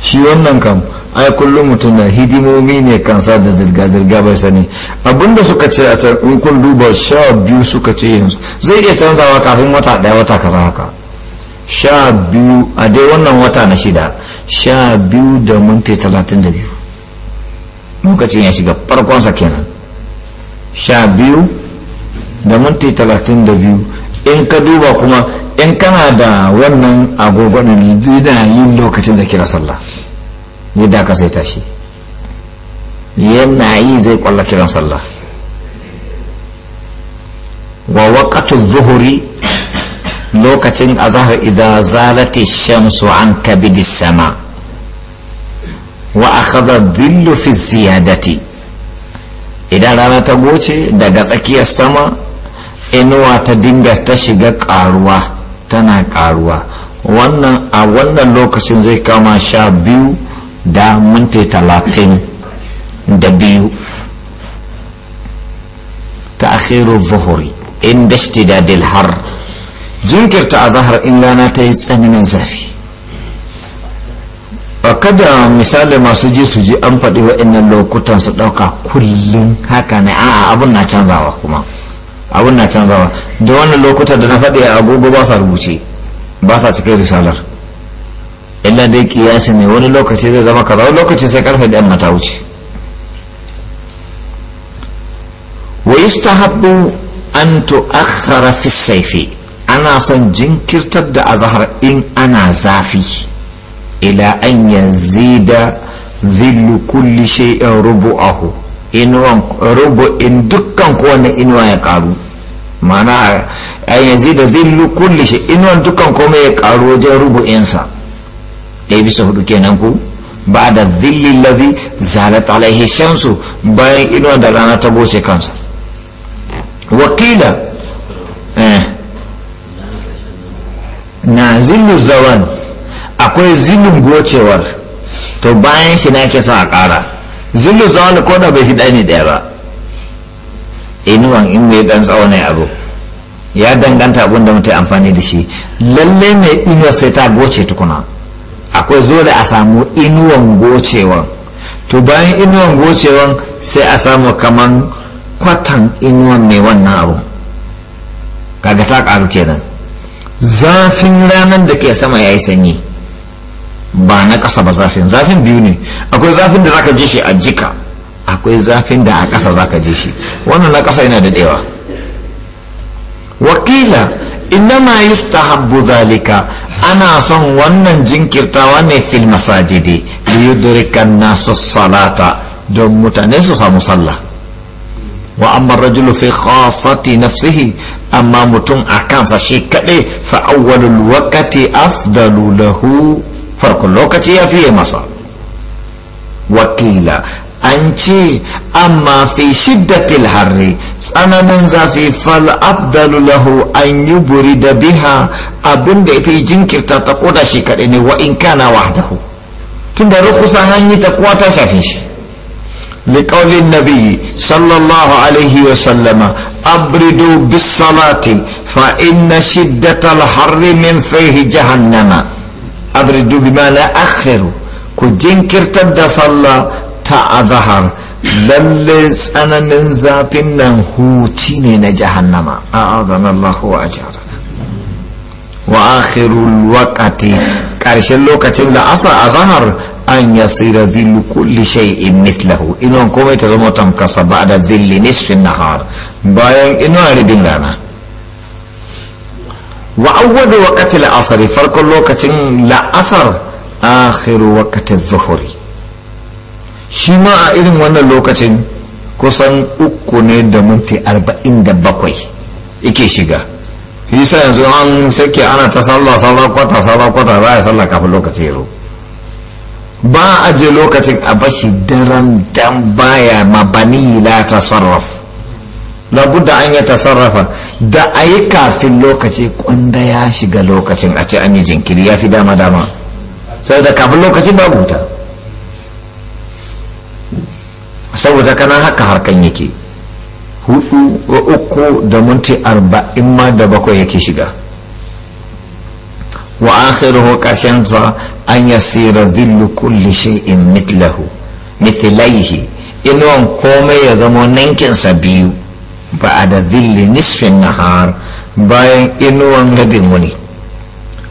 shi wannan kam ai kullum mutum na hidimomi ne kansa da zirga-zirga bai sani abinda suka ce a can kun duba sha biyu suka ce yanzu zai iya canzawa kafin wata daya wata kaza haka sha biyu a dai wannan wata na shida sha biyu da minti talatin da biyu lokacin ya shiga farkonsa kenan sha biyu da minti talatin da biyu in ka duba kuma in kana da wannan agogonin yin lokacin da kira sallah ni da ka sai tashi yana yi zai kwallo kiran sallah wa waqatu zuhuri lokacin azhar idza zalati shamsu an kabidi sama wa akhadha dhillu fi ziyadati idan rana ta goce daga tsakiyar sama inuwa ta dinga ta shiga karuwa tana karuwa wannan a wannan lokacin zai kama sha biyu da minti talatin da biyu ta akhiru zuhuri inda da dilhar jinkirta a zahar in rana ta yi tsananin zafi ba kada misali masu ji su ji an faɗi waɗannan lokutan su ɗauka kullum haka ne a abun na canzawa kuma abun na canzawa da wannan lokutan da na faɗi a agogo ba sa rubuce ba sa cikin risalar illa dai kiyasi ne wani lokaci zai zama kaza wani lokaci sai karfe da yamma ta wuce wa yustahabbu an tu'akhkhara fi saifi ana son jinkirtar da azhar in ana zafi ila an yazida zillu kulli shay'in rubu'ahu inuwan rubu'in dukkan kowane inuwa ya karu ma'ana an yazida zillu kulli shay'in inuwan dukkan komai ya karu wajen rubu'insa ɗaya bisa hudu kenan ku ba da zillin lazi zalat alaihi shamsu bayan inuwa da rana ta goce kansa wakila eh, na zillu zawan akwai zillin gocewar to bayan shi na sa a ƙara zillu zawan ko da bai fi ɗaya ɗaya ba inuwan in mai ɗan tsawon abu ya danganta abin da mutum amfani da shi lalle mai inuwa sai ta goce tukuna akwai zo da a samu inuwan gocewan to bayan inuwan gocewan sai a samu kaman kwatan inuwan mai wannan abu kaga ta karu kenan zafin ranar da ke sama ya yi sanyi ba na kasa ba zafin zafin biyu ne akwai zafin da zaka je shi a jika akwai zafin da a kasa zaka je shi wannan na kasa yana da dewa wakila inama yustahabbu zalika ana son wannan jinkirtawa ne fil masajidi liyudrikan nasu salata don mutane su samu sallah wa amma rajulu fi khasati nafsihi amma mutum a kansa shi kaɗe fa awwalul afdalu lahu farkon lokaci ya fiye masa wakila an ce amma fi shiddatil harri tsananin zafi fal abdalu lahu buri da biha abinda ya jinkirta ta koda shi kaɗai ne wa in kana wahdahu tunda rukusan an yi ta kuwa ta shafi shi liƙaunin nabi sallallahu alaihi wa sallama abridu bis salati fa inna shiddatal harri min fihi jahannama abridu bima na akhiru ku jinkirtar da sallah hatta azhar lalle tsananin zafin nan huci ne na jahannama a'adana Allahu wa ajara wa akhirul waqti karshen lokacin da asa azhar an yasira dhillu kulli shay'in mithlahu inon komai ta zama tamkasa ba'da dhilli nisfin nahar bayan inon ribin rana wa awwal waqti al-asr farkon lokacin la asar akhiru waqti adh-dhuhri shi ma a irin wannan lokacin kusan uku ne da minti arba'in da bakwai ike shiga yasa yanzu an sake ana ta sallah sallah kwata sallah kwata za a sallah kafin lokaci ya ba a je lokacin a bashi daren dan baya mabani la ta tasarraf labuda an ya sarrafa da a yi kafin lokaci kwanda ya shiga lokacin a ce an yi jinkiri ya fi dama dama sai da kafin lokacin babu ta saboda kana haka harkan yake hudu uku da minti arba'in ma da bakwai yake shiga wa akhiruhu kashansa an yasira dhillu kulli shay'in mithlahu mithlaihi inuwan komai ya zama ninkinsa biyu ba a da dhilli nisfin nahar bayan inuwan rabin wani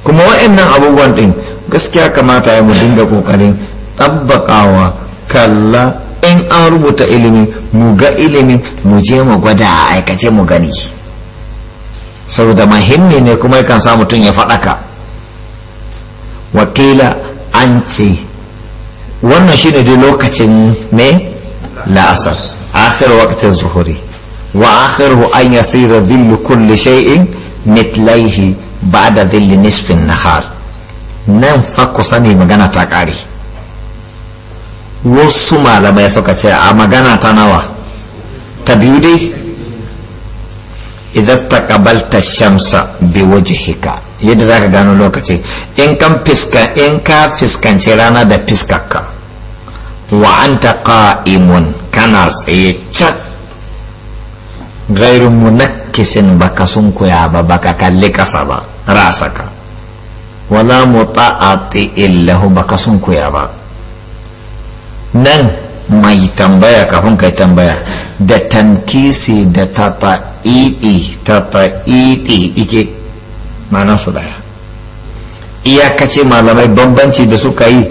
kuma wa'annan abubuwan din gaskiya kamata ya mu dinga kokarin tabbakawa kalla in an rubuta ilimi mu ga ilimi mu je mu gwada a aikace mu gani sau da mahimmi ne kuma kan sa mutum ya faɗaka wakila an ce wannan shine dai lokacin ne la'asar akhir waqtin zuhuri wa akhiruhu an yasira dhillu kulli shay'in mithlaihi ba'da dhilli nisfin nahar nan fa ku sani magana ta ƙare wasu malamai suka ce a magana ta nawa ta biyu dai idan ta kabarta shamsa bi hika yadda za ka gano lokaci in ka fiskanci rana da fiskarka wa ta ka'imun kana tsaye cak gairu mu baka kisin ba ka kalli kasa ba rasaka wala muta'ati illahu baka kuya ba nan mai tambaya kafin kai tambaya da tankisi da tata'i'i tata'i'i ike ma'ana su daya iyakace malamai bambanci da suka yi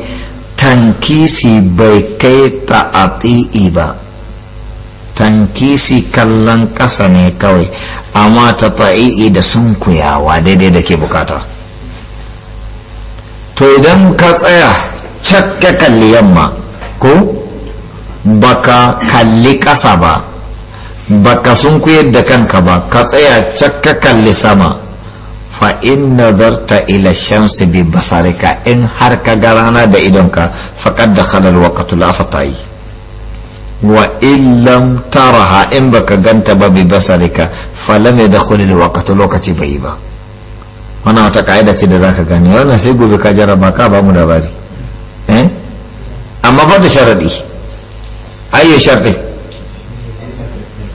tankisi bai kai ta'ati'i ba tankisi kallon ƙasa ne kawai amma ta'i'i da sun sunkuyawa daidai da ke bukata to idan ka tsaya cakka kalli yamma ko baka kalli ƙasa ba baka sun kuyar da kanka ba ka tsaya cakka kalli sama fa in nazarta ila shamsi bi basarika in har ka ga rana da idonka da dakhala alwaqtu al ta yi wa in tara taraha in baka ganta ba bi basarika falam yadkhul alwaqtu lokaci bai ba wannan wata ka'ida ce da zaka gani wannan sai gobe ka jarraba ka ba mu labari eh amma ba da sharadi ayyo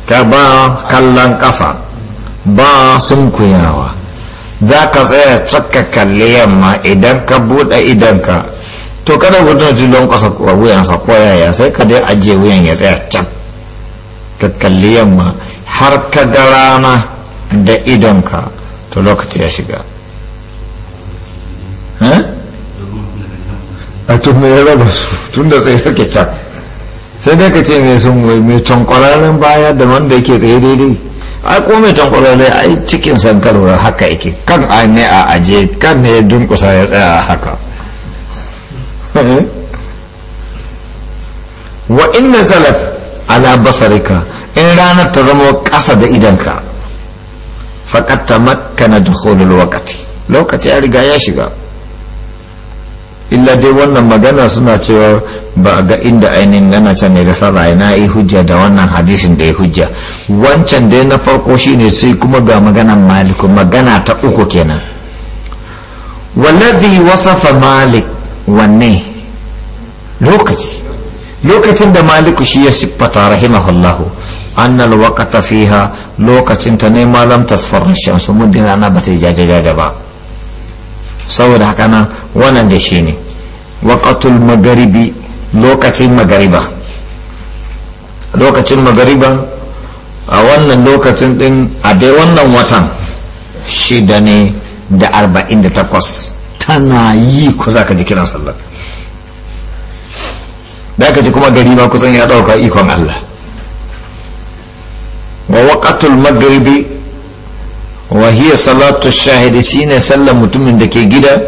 ka ba kallon ƙasa ba sunkuyawa za ka tsaya tsakka kalli yamma idan ka buɗe idanka to kada mutum tilon ƙasa wuyansa ko yaya sai ka dai ajiye wuyan ya tsaya can ka kalli yamma har ka ga rana da idonka to lokaci ya shiga a tun mai raba su tun da tsaye suke can sai dai ka ce mai sun wai mai tankwararren baya da wanda yake tsaye daidai ai ko mai tankwararren ai cikin sankarorar haka yake kan a ne a aje kan ne dun dunkusa ya tsaya haka wa inna zalaf ala basarika in ranar ta zama kasa da idanka faƙatta makana da lokaci lokaci ya riga ya shiga illa dai wannan magana suna cewa ba ga inda ainihin gana can ne da na yi hujja da wannan hadisin da ya hujja wancan dai na farko shine sai kuma ga maganan maliku magana ta uku kenan wallazi wasafa malik wanne lokaci lokacin da maliku shi ya siffata rahimahullahu annal waqata fiha lokacin ta ne malam tasfar shamsu muddin rana ba ta jajajaja ba saboda haka nan wannan da shi ne waƙatul magaribi lokacin magariba lokacin magariba a wannan lokacin din a dai wannan watan shida ne da arba'in da takwas tana yi ku za ka ji kiran sallar da ka ji kuma gariba kusan ya ɗauka ikon allah wa waƙatul magaribi wa hiya salatu shahidi shine sallar mutumin da ke gida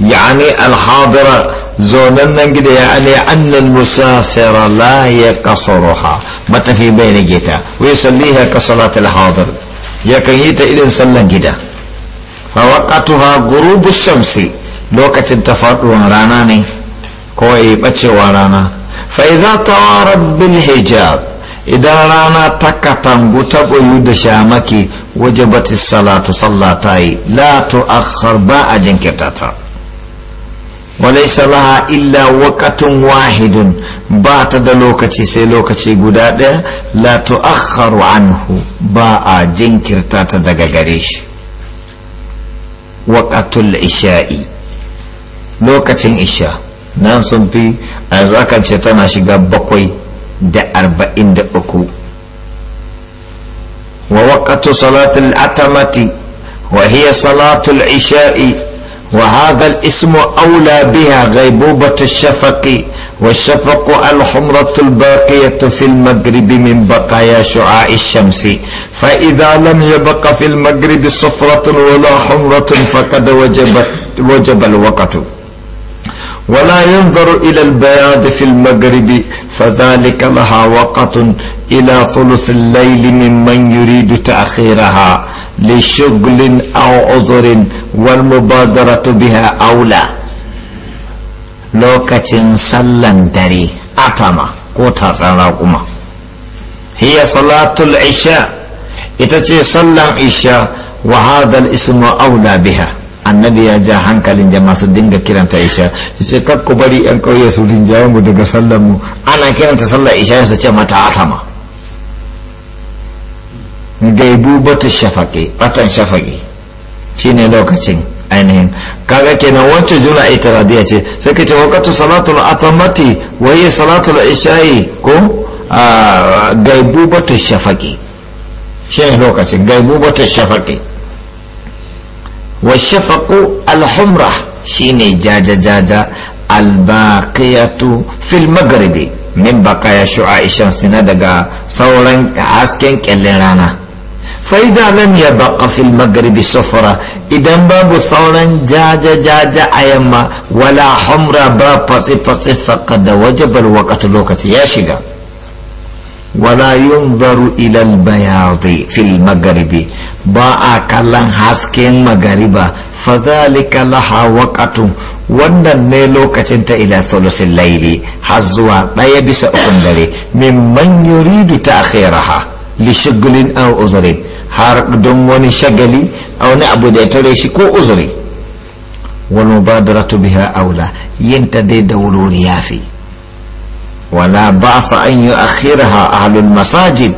yani alhadira zonan nan gida yani annal musafira la ya kasaruha matafi bai rage ta wai salliha ka salatul hadir ya kan yi ta irin sallar gida fa waqatuha ghurubu shamsi lokacin ta faduwar rana ne ko ya bacewa rana fa idza tawarat hijab idan rana ta katangu ta ɓoyu da shamaki waje batis salatu sallata yi lato a harba a jinkirta ta walai salaha illa wakatun wahidun ba ta da lokaci sai lokaci guda ɗaya lato a anhu ba a jinkirta ta daga gare shi wakatul isha'i lokacin isha nan sun fi a yanzu akan ce tana shiga bakwai da arba'in da uku wa waƙatu salatul atamati wa hiya salatul isha'i وهذا الاسم أولى بها غيبوبة الشفق والشفق الحمرة الباقية في المغرب من بقايا شعاع الشمس فإذا لم يبق في المغرب صفرة ولا حمرة فقد وجب, وجب الوقت ولا ينظر إلى البياض في المغرب فذلك لها وقت إلى ثلث الليل ممن يريد تأخيرها لشغل أو عذر والمبادرة بها أولى لوكة صلى دري أتما كوتا صلاكما هي صلاة العشاء إتتي صلى عشاء وهذا الاسم أولى بها annabi ya ja hankalin jama'a su dinga kiranta isha ce kar ku bari yan kauye su rinjaye mu daga sallar mu ana kiranta sallar isha su ce mata atama gaibu bata shafaqi batan shafaqi shine lokacin ainihin kaga kenan wancan juna itiradiya ce sai ka ce waqtu salatul atamati waye hiya salatul isha'i ko gaibu bata shafaqi shine lokacin gaibu bata shafaqi wa shafaku alhumra shine jaja jaja albaqiyatu fil magharibi min baqaya shu'a sina daga sauran hasken kyallin rana fa idza lam yabaqa fil magharibi sufra idan babu sauran jaja jaja a yamma wala humra ba fatsi fatsi faqad wajaba alwaqtu lokaci ya shiga wala yunzaru ilal bayadi fil magharibi ba a kallon hasken magariba fadhalika laha waqatu wannan ne lokacin ta ila thulusil laili har zuwa daya bisa ukun dare mimman yuridu ta'khiraha li shughlin aw uzrin har don wani shagali a wani abu da ya tare shi ko uzuri wal mubadaratu biha aula yinta dai da wuri yafi ولا بأس أن يؤخرها أهل المساجد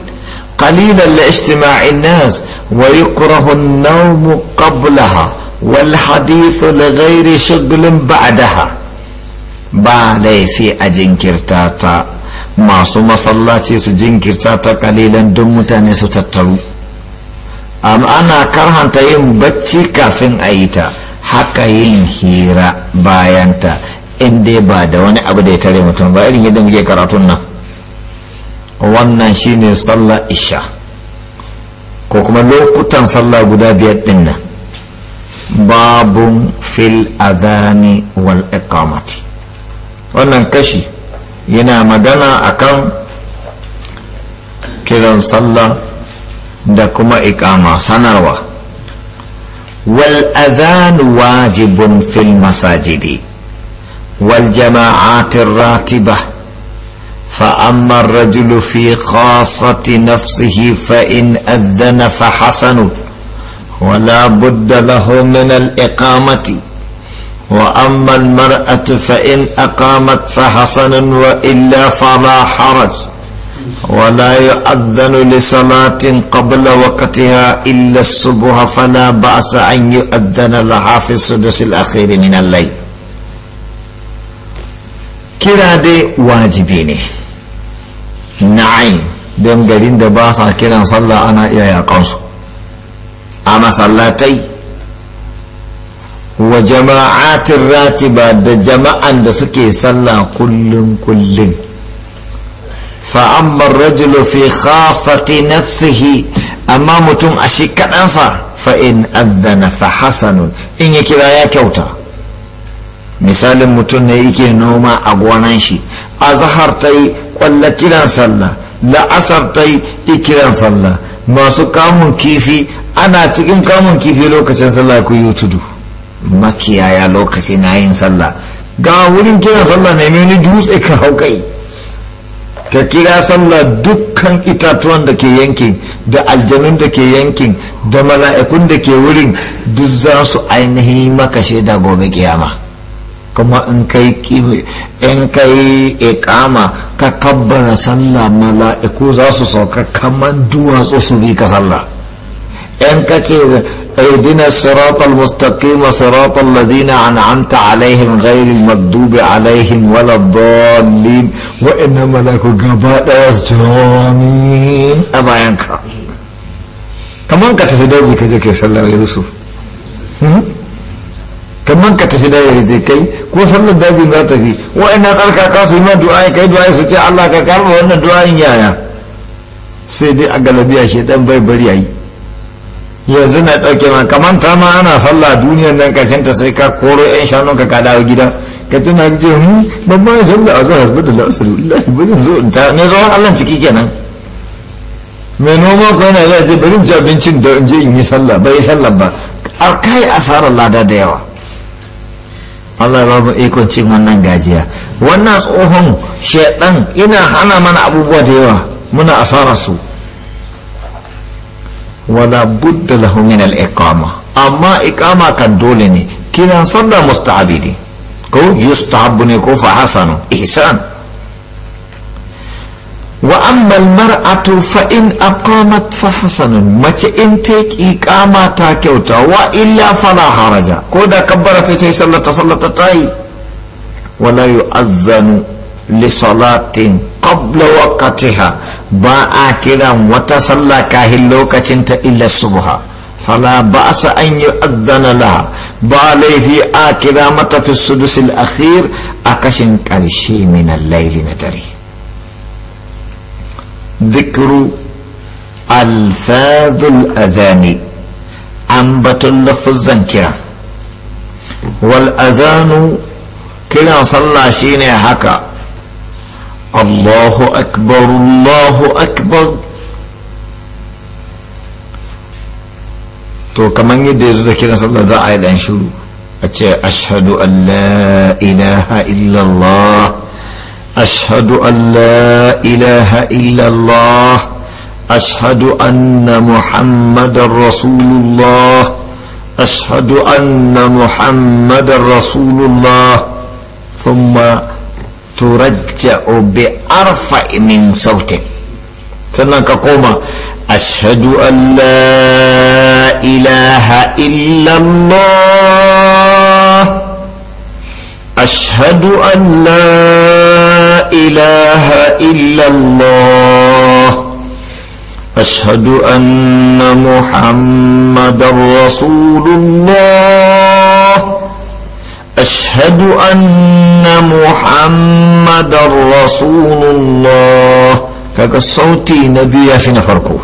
قليلا لاجتماع الناس ويكره النوم قبلها والحديث لغير شغل بعدها ba laifi a jinkirta ta masu masallaci su jinkirta ta ƙalilan don mutane su tattaru amma ana karhanta yin bacci kafin a yi ta haka yin hira bayanta in dai ba da wani abu da ya tare mutum ba irin yadda muke karatun nan wannan shine sallah isha ko kuma lokutan sallah guda biyar din nan babun fil adhani wal iqamati wannan kashi yana magana akan kiran sallah da kuma iqama sanarwa wal adhan wajibun fil masajidi والجماعات الراتبة فأما الرجل في خاصة نفسه فإن أذن فحسن ولا بد له من الإقامة وأما المرأة فإن أقامت فحسن وإلا فلا حرج ولا يؤذن لصلاة قبل وقتها إلا الصبح فلا بأس أن يؤذن لها في السدس الأخير من الليل kira dai wajibi ne na'ai don garin da ba sa kiran sallah ana iya yaƙansu a masallatai wa jama'atin ratiba da jama'an da suke sallah kullum kullum fa'ammar rajulu fi khasati nafsihi amma mutum a shi kaɗansa fa'in addana fa hasanun in ya kira ya kyauta misalin mutum ne yake noma a gonan shi zahar ta yi kwalla kiran sallah la'asar ta yi ikiran sallah masu kamun kifi ana cikin kamun kifi lokacin sallah ku yi tudu makiyaya lokaci na yin sallah ga wurin kiran sallah na yi dutse ka hau kai ka kira sallah dukkan itatuwan da ke yankin da aljanun da ke yankin da mala'ikun da ke wurin duk za su ainihin maka shaida gobe kiyama kuma in kai in kai ikama ka kabbara sallah mala'iku za su sauka kamar duwatsu su bi ka sallah in ka ce اهدنا الصراط المستقيم صراط الذين انعمت عليهم غير المغضوب عليهم ولا الضالين وانما لك غباء امين ابا ينكر كمان كتفي دوزي كذا كي يوسف kamar ka tafi da yare kai ko sallar daji za ta fi wa'annan tsarkaka su yi ma du'a kai du'a su ce Allah ka karba wannan du'a in yaya sai dai a galabiya shi dan bai bari ayi yanzu na ɗauke ma kamar ta ma ana sallah duniyar nan karshen ta sai ka koro yan shanun ka ka dawo gida ka tuna ce hmm babba ya sallah a zuwa harbi da la'asar wallahi bari zo in ta ne zuwa Allah ciki kenan mai noma ko yana zai bari in ci abincin da in je in yi sallah bai yi sallah ba a kai asarar lada da yawa Allah ba mu ikon cin wannan gajiya wannan tsohon shaidan ina hana mana abubuwa da yawa muna asara su wala budda lahu min al iqama amma iqama kan dole ne kiran sallah musta'abidi ko yustahabbu ne ko fa hasanu ihsan wa ammal mar'atu fa in aqamat fa hasanun mace in ta iqama ta kyauta wa illa fala haraja ko da kabbara ta yi sallata sallata ta yi wala yu'adhanu li salatin qabla waqtiha ba a kiran wata sallah kahin lokacin ta illa subha fala ba'sa an yu'adhana laha ba laifi a kira mata fi sudus akhir a kashin karshe min al-layli na dare ذكر ألفاظ الأذان أنبت لفظا كرا والأذان كلا صلى شين هكا الله أكبر الله أكبر to kamar yadda ya zo da kiran sallah za a yi dan shiru a ce ashhadu an la ilaha illallah أشهد أن لا إله إلا الله أشهد أن محمد رسول الله أشهد أن محمد رسول الله ثم ترجع بأرفع من صوتك سنك قوم أشهد أن لا إله إلا الله أشهد أن لا إله إلا الله أشهد أن محمد رسول الله أشهد أن محمد رسول الله كاك صوتي نبي في نفركو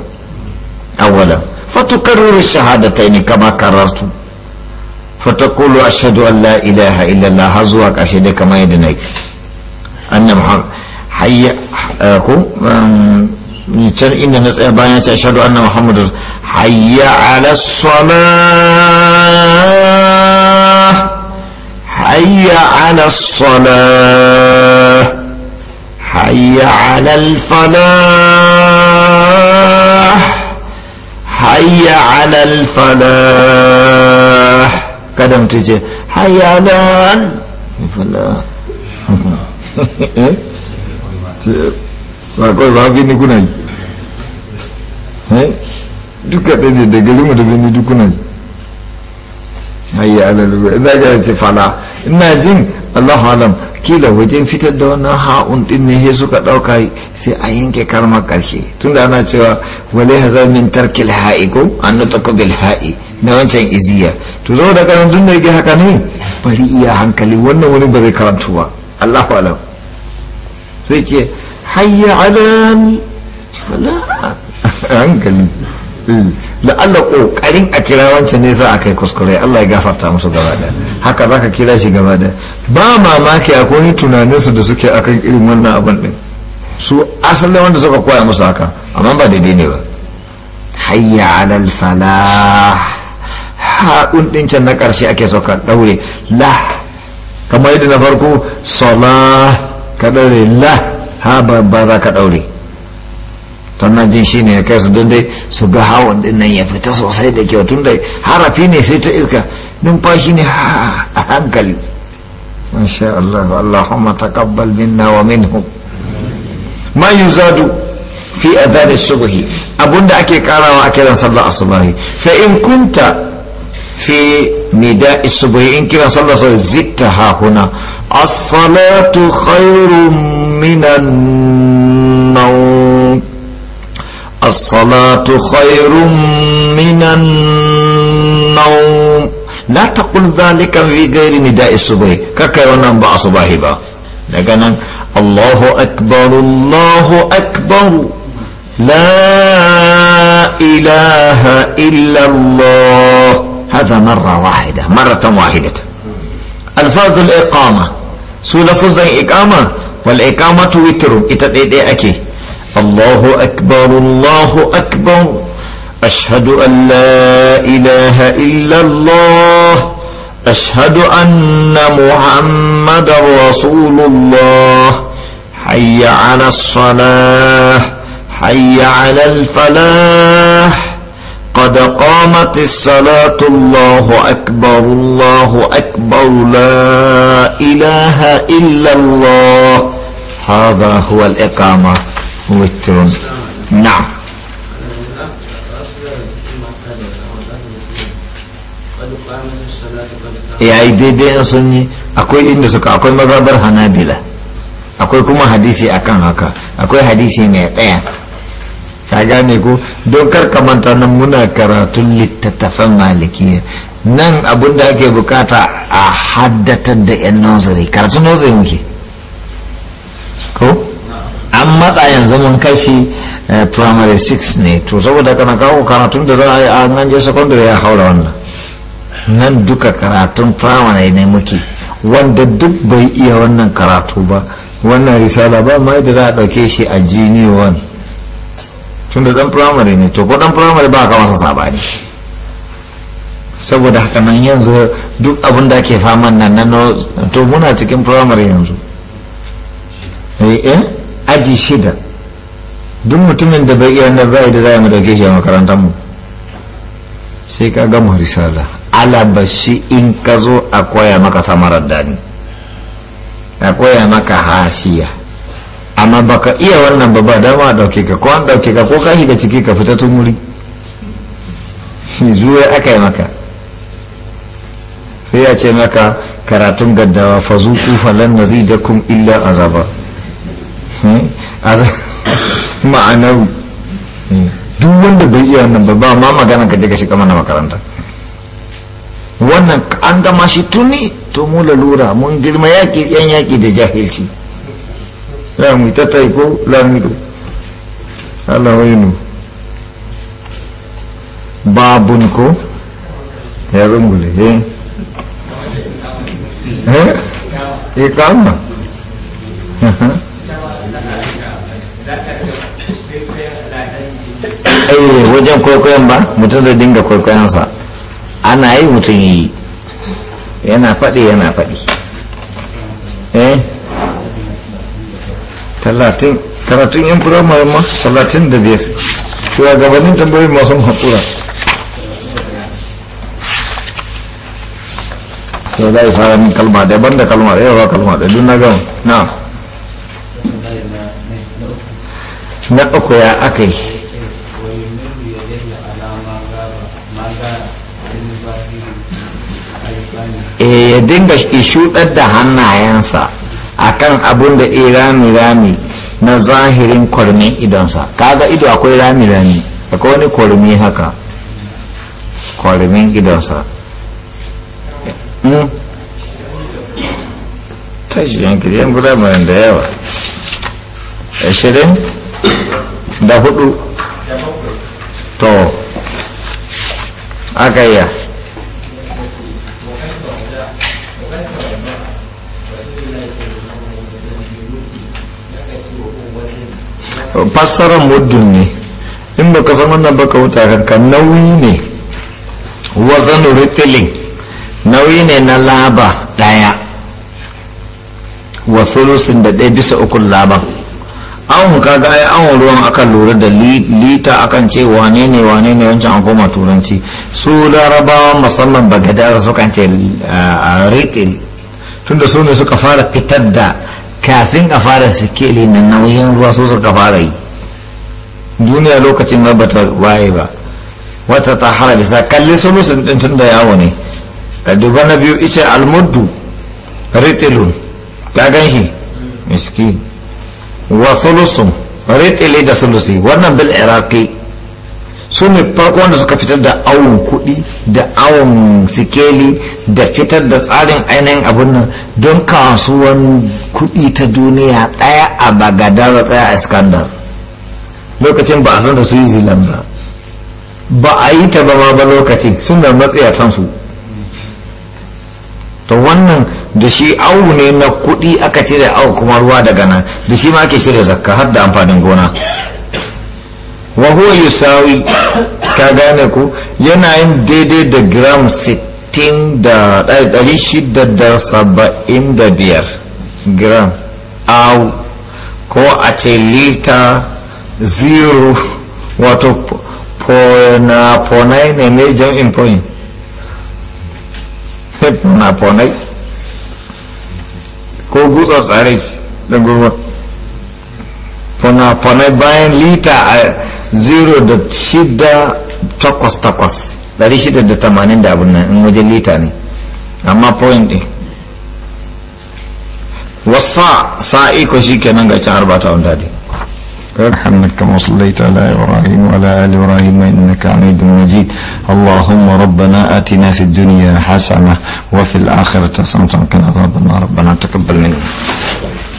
أولا فتكرر الشهادتين كما كررت فتقول أشهد أن لا إله إلا الله هزوك أشهد كما يدنيك أن محمد حي أكو إن الناس أشهد أن محمد حي على الصلاة حي على الصلاة حي على الفلاح حي على الفلاح kada mutu ce hayalan fula ba kawai ba bini kuna yi duka ɗaya ne da mu da bini duk kuna yi hayalan ruwa ina ga ce fala ina jin allahu alam kila wajen fitar da wannan ha'un din ne he suka dauka sai a yanke karma karshe tunda ana cewa wale hazamin tarkil ha'i ko an nutaka bil ha'i na wancan iziya to zama da karantun da yake haka ne bari iya hankali wannan wani ba zai karantu ba allahu alam sai ce hayya alami wala hankali eh, la'alla kokarin a kira wancan ne sa a kai kuskure allah ya gafarta musu gaba da haka zaka kira shi gaba da ba mamaki akwai tunaninsu da suke akan irin wannan abin din su asalin wanda suka koya musu haka amma ba daidai ne ba hayya alal falah haɗun ɗin na ƙarshe ake so ka ɗaure la kamar yadda na farko sola ka ɗaure la ha ba za ka ɗaure tana jin shi ne ya kai su don dai su ga hawan ɗin nan ya fita sosai da kyau tun dai harafi ne sai ta iska numfashi ne a hankali masha Allah Allahumma taqabbal minna wa minhum ma yuzadu fi adhan subhi abunda ake karawa a kiran sallar asubahi fa in kunta في نداء الصبح إن كنا صلى زدتها هنا الصلاة خير من النوم الصلاة خير من النوم لا تقل ذلك في غير نداء الصبح ككيونا بأ صباحي با لكن الله أكبر الله أكبر لا إله إلا الله هذا مرة واحدة مرة واحدة الفرض الإقامة سو لفظ الإقامة والإقامة توتر أكي الله أكبر الله أكبر أشهد أن لا إله إلا الله أشهد أن محمد رسول الله حي على الصلاة حي على الفلاح قد قامت الصلاة الله أكبر الله أكبر لا إله إلا الله هذا هو الإقامة وتر نعم ya yi daidai in sun yi akwai inda suka akwai mazabar hanabila akwai kuma hadisi akan haka akwai hadisi mai tsaya ka gane ko dokar kar nan muna karatun littattafan malikiya nan abin ake bukata a haddatar da 'yan nazari karatun nazari muke ko an matsa yanzu mun kashi eh, primary 6 ne to saboda kana kawo karatun da za a yi a nan je secondary ya haura wannan nan duka karatun primary ne muke wanda duk bai iya wannan karatu ba wannan risala ba mai da za a ɗauke shi a jini 1 tunda dan firamare ne to ko dan firamare ba ka masa sabani saboda haka nan yanzu duk abin da ke fama nan nan to muna cikin firamare yanzu eh, eh aji shida duk mutumin da bai iya da bai da zai mu dauke shi a makarantar mu sai ka ga mu risala bashi in ka zo a koya maka samarar dani a koya maka hasiya amma baka iya wannan ba ba dama dauke ka ko an dauke ka ko ka shiga ciki ka fita tun wuri zuwa aka yi maka sai ya ce maka karatun gaddawa fa zuku falan nazidakum illa azaba hmm? ma'anar duk wanda bai iya wannan ba ba ma magana ka je ka shiga mana makaranta wannan an gama shi tuni to mu lalura mun girma yaki yan yaki da jahilci za mu ta ko lamido Allah wainu babun ko ya zungule eh eh ikama ai wajen kwaikwayon ba mutum zai dinga kwaikwayonsa ana yi mutum yi yana faɗi yana faɗi eh talatin karatun yan firamare ma talatin da biyar gabanin tambayoyin masu haƙura sau za a yi fara min kalma daban da kalma ɗaya ba kalma da duna gama na na uku ya aka yi eh, ya dinga ishudar da hannayensa akan abun da e eh, rami rami na zahirin kwarmin idonsa kaga ido akwai rami rami akwai wani kwarmi haka kwarmin idonsa hmm? tashi yanki yan gudamarin da yawa ashirin da hudu to aka yi fassarar muddun ne in baka san wannan baka wuta kanka nauyi ne wazan ritilin nauyi ne na laba daya wa sulusin da ɗaya bisa ukun laban an kaga ai an ruwan aka lura da lita akan ce wane ne wane ne wancan an koma turanci su larabawa musamman bagadar kan ce eh, ritil tunda su ne suka fara fitar da kafin a fara sikeli na nauyin ruwa su suka fara yi duniya lokacin ma waye ba wata ta hara bisa kalli sulusun din tun da yawo ne ka duba na biyu ice almuddu ritilun ka gan shi miskin wa sulusun ritili da sulusi wannan bil iraki su ne farko wanda suka fitar da awon kudi da awon sikeli da fitar da tsarin ainihin abin nan don kasuwan kudi ta duniya ɗaya a bagadar tsaya a iskandar lokacin ba a san da su yi zilan ba ba a yi ta ba ba lokacin a can su to wannan da shi awu ne na kudi aka cire awu kuma ruwa daga nan da shi ma ake shirya zakka har da amfanin gona wa huwa yusawi ka gane ku yana yin daidai da gram 675 eh, gram aw ko a ce lita 0 wato ponai ne mai jam'in point eh, ponai ko gutsa tsare da gurwa ponai bayan lita a eh, 0.688 680 da abin nan in wajen lita ne amma point ɗin wasa sa'i ko shi kenan ga can arba ta wanda dai محمد كما صليت على إبراهيم وعلى آل إبراهيم إنك حميد مجيد اللهم ربنا آتنا في الدنيا حسنة وفي الآخرة حسنة وقنا عذاب ربنا تقبل منا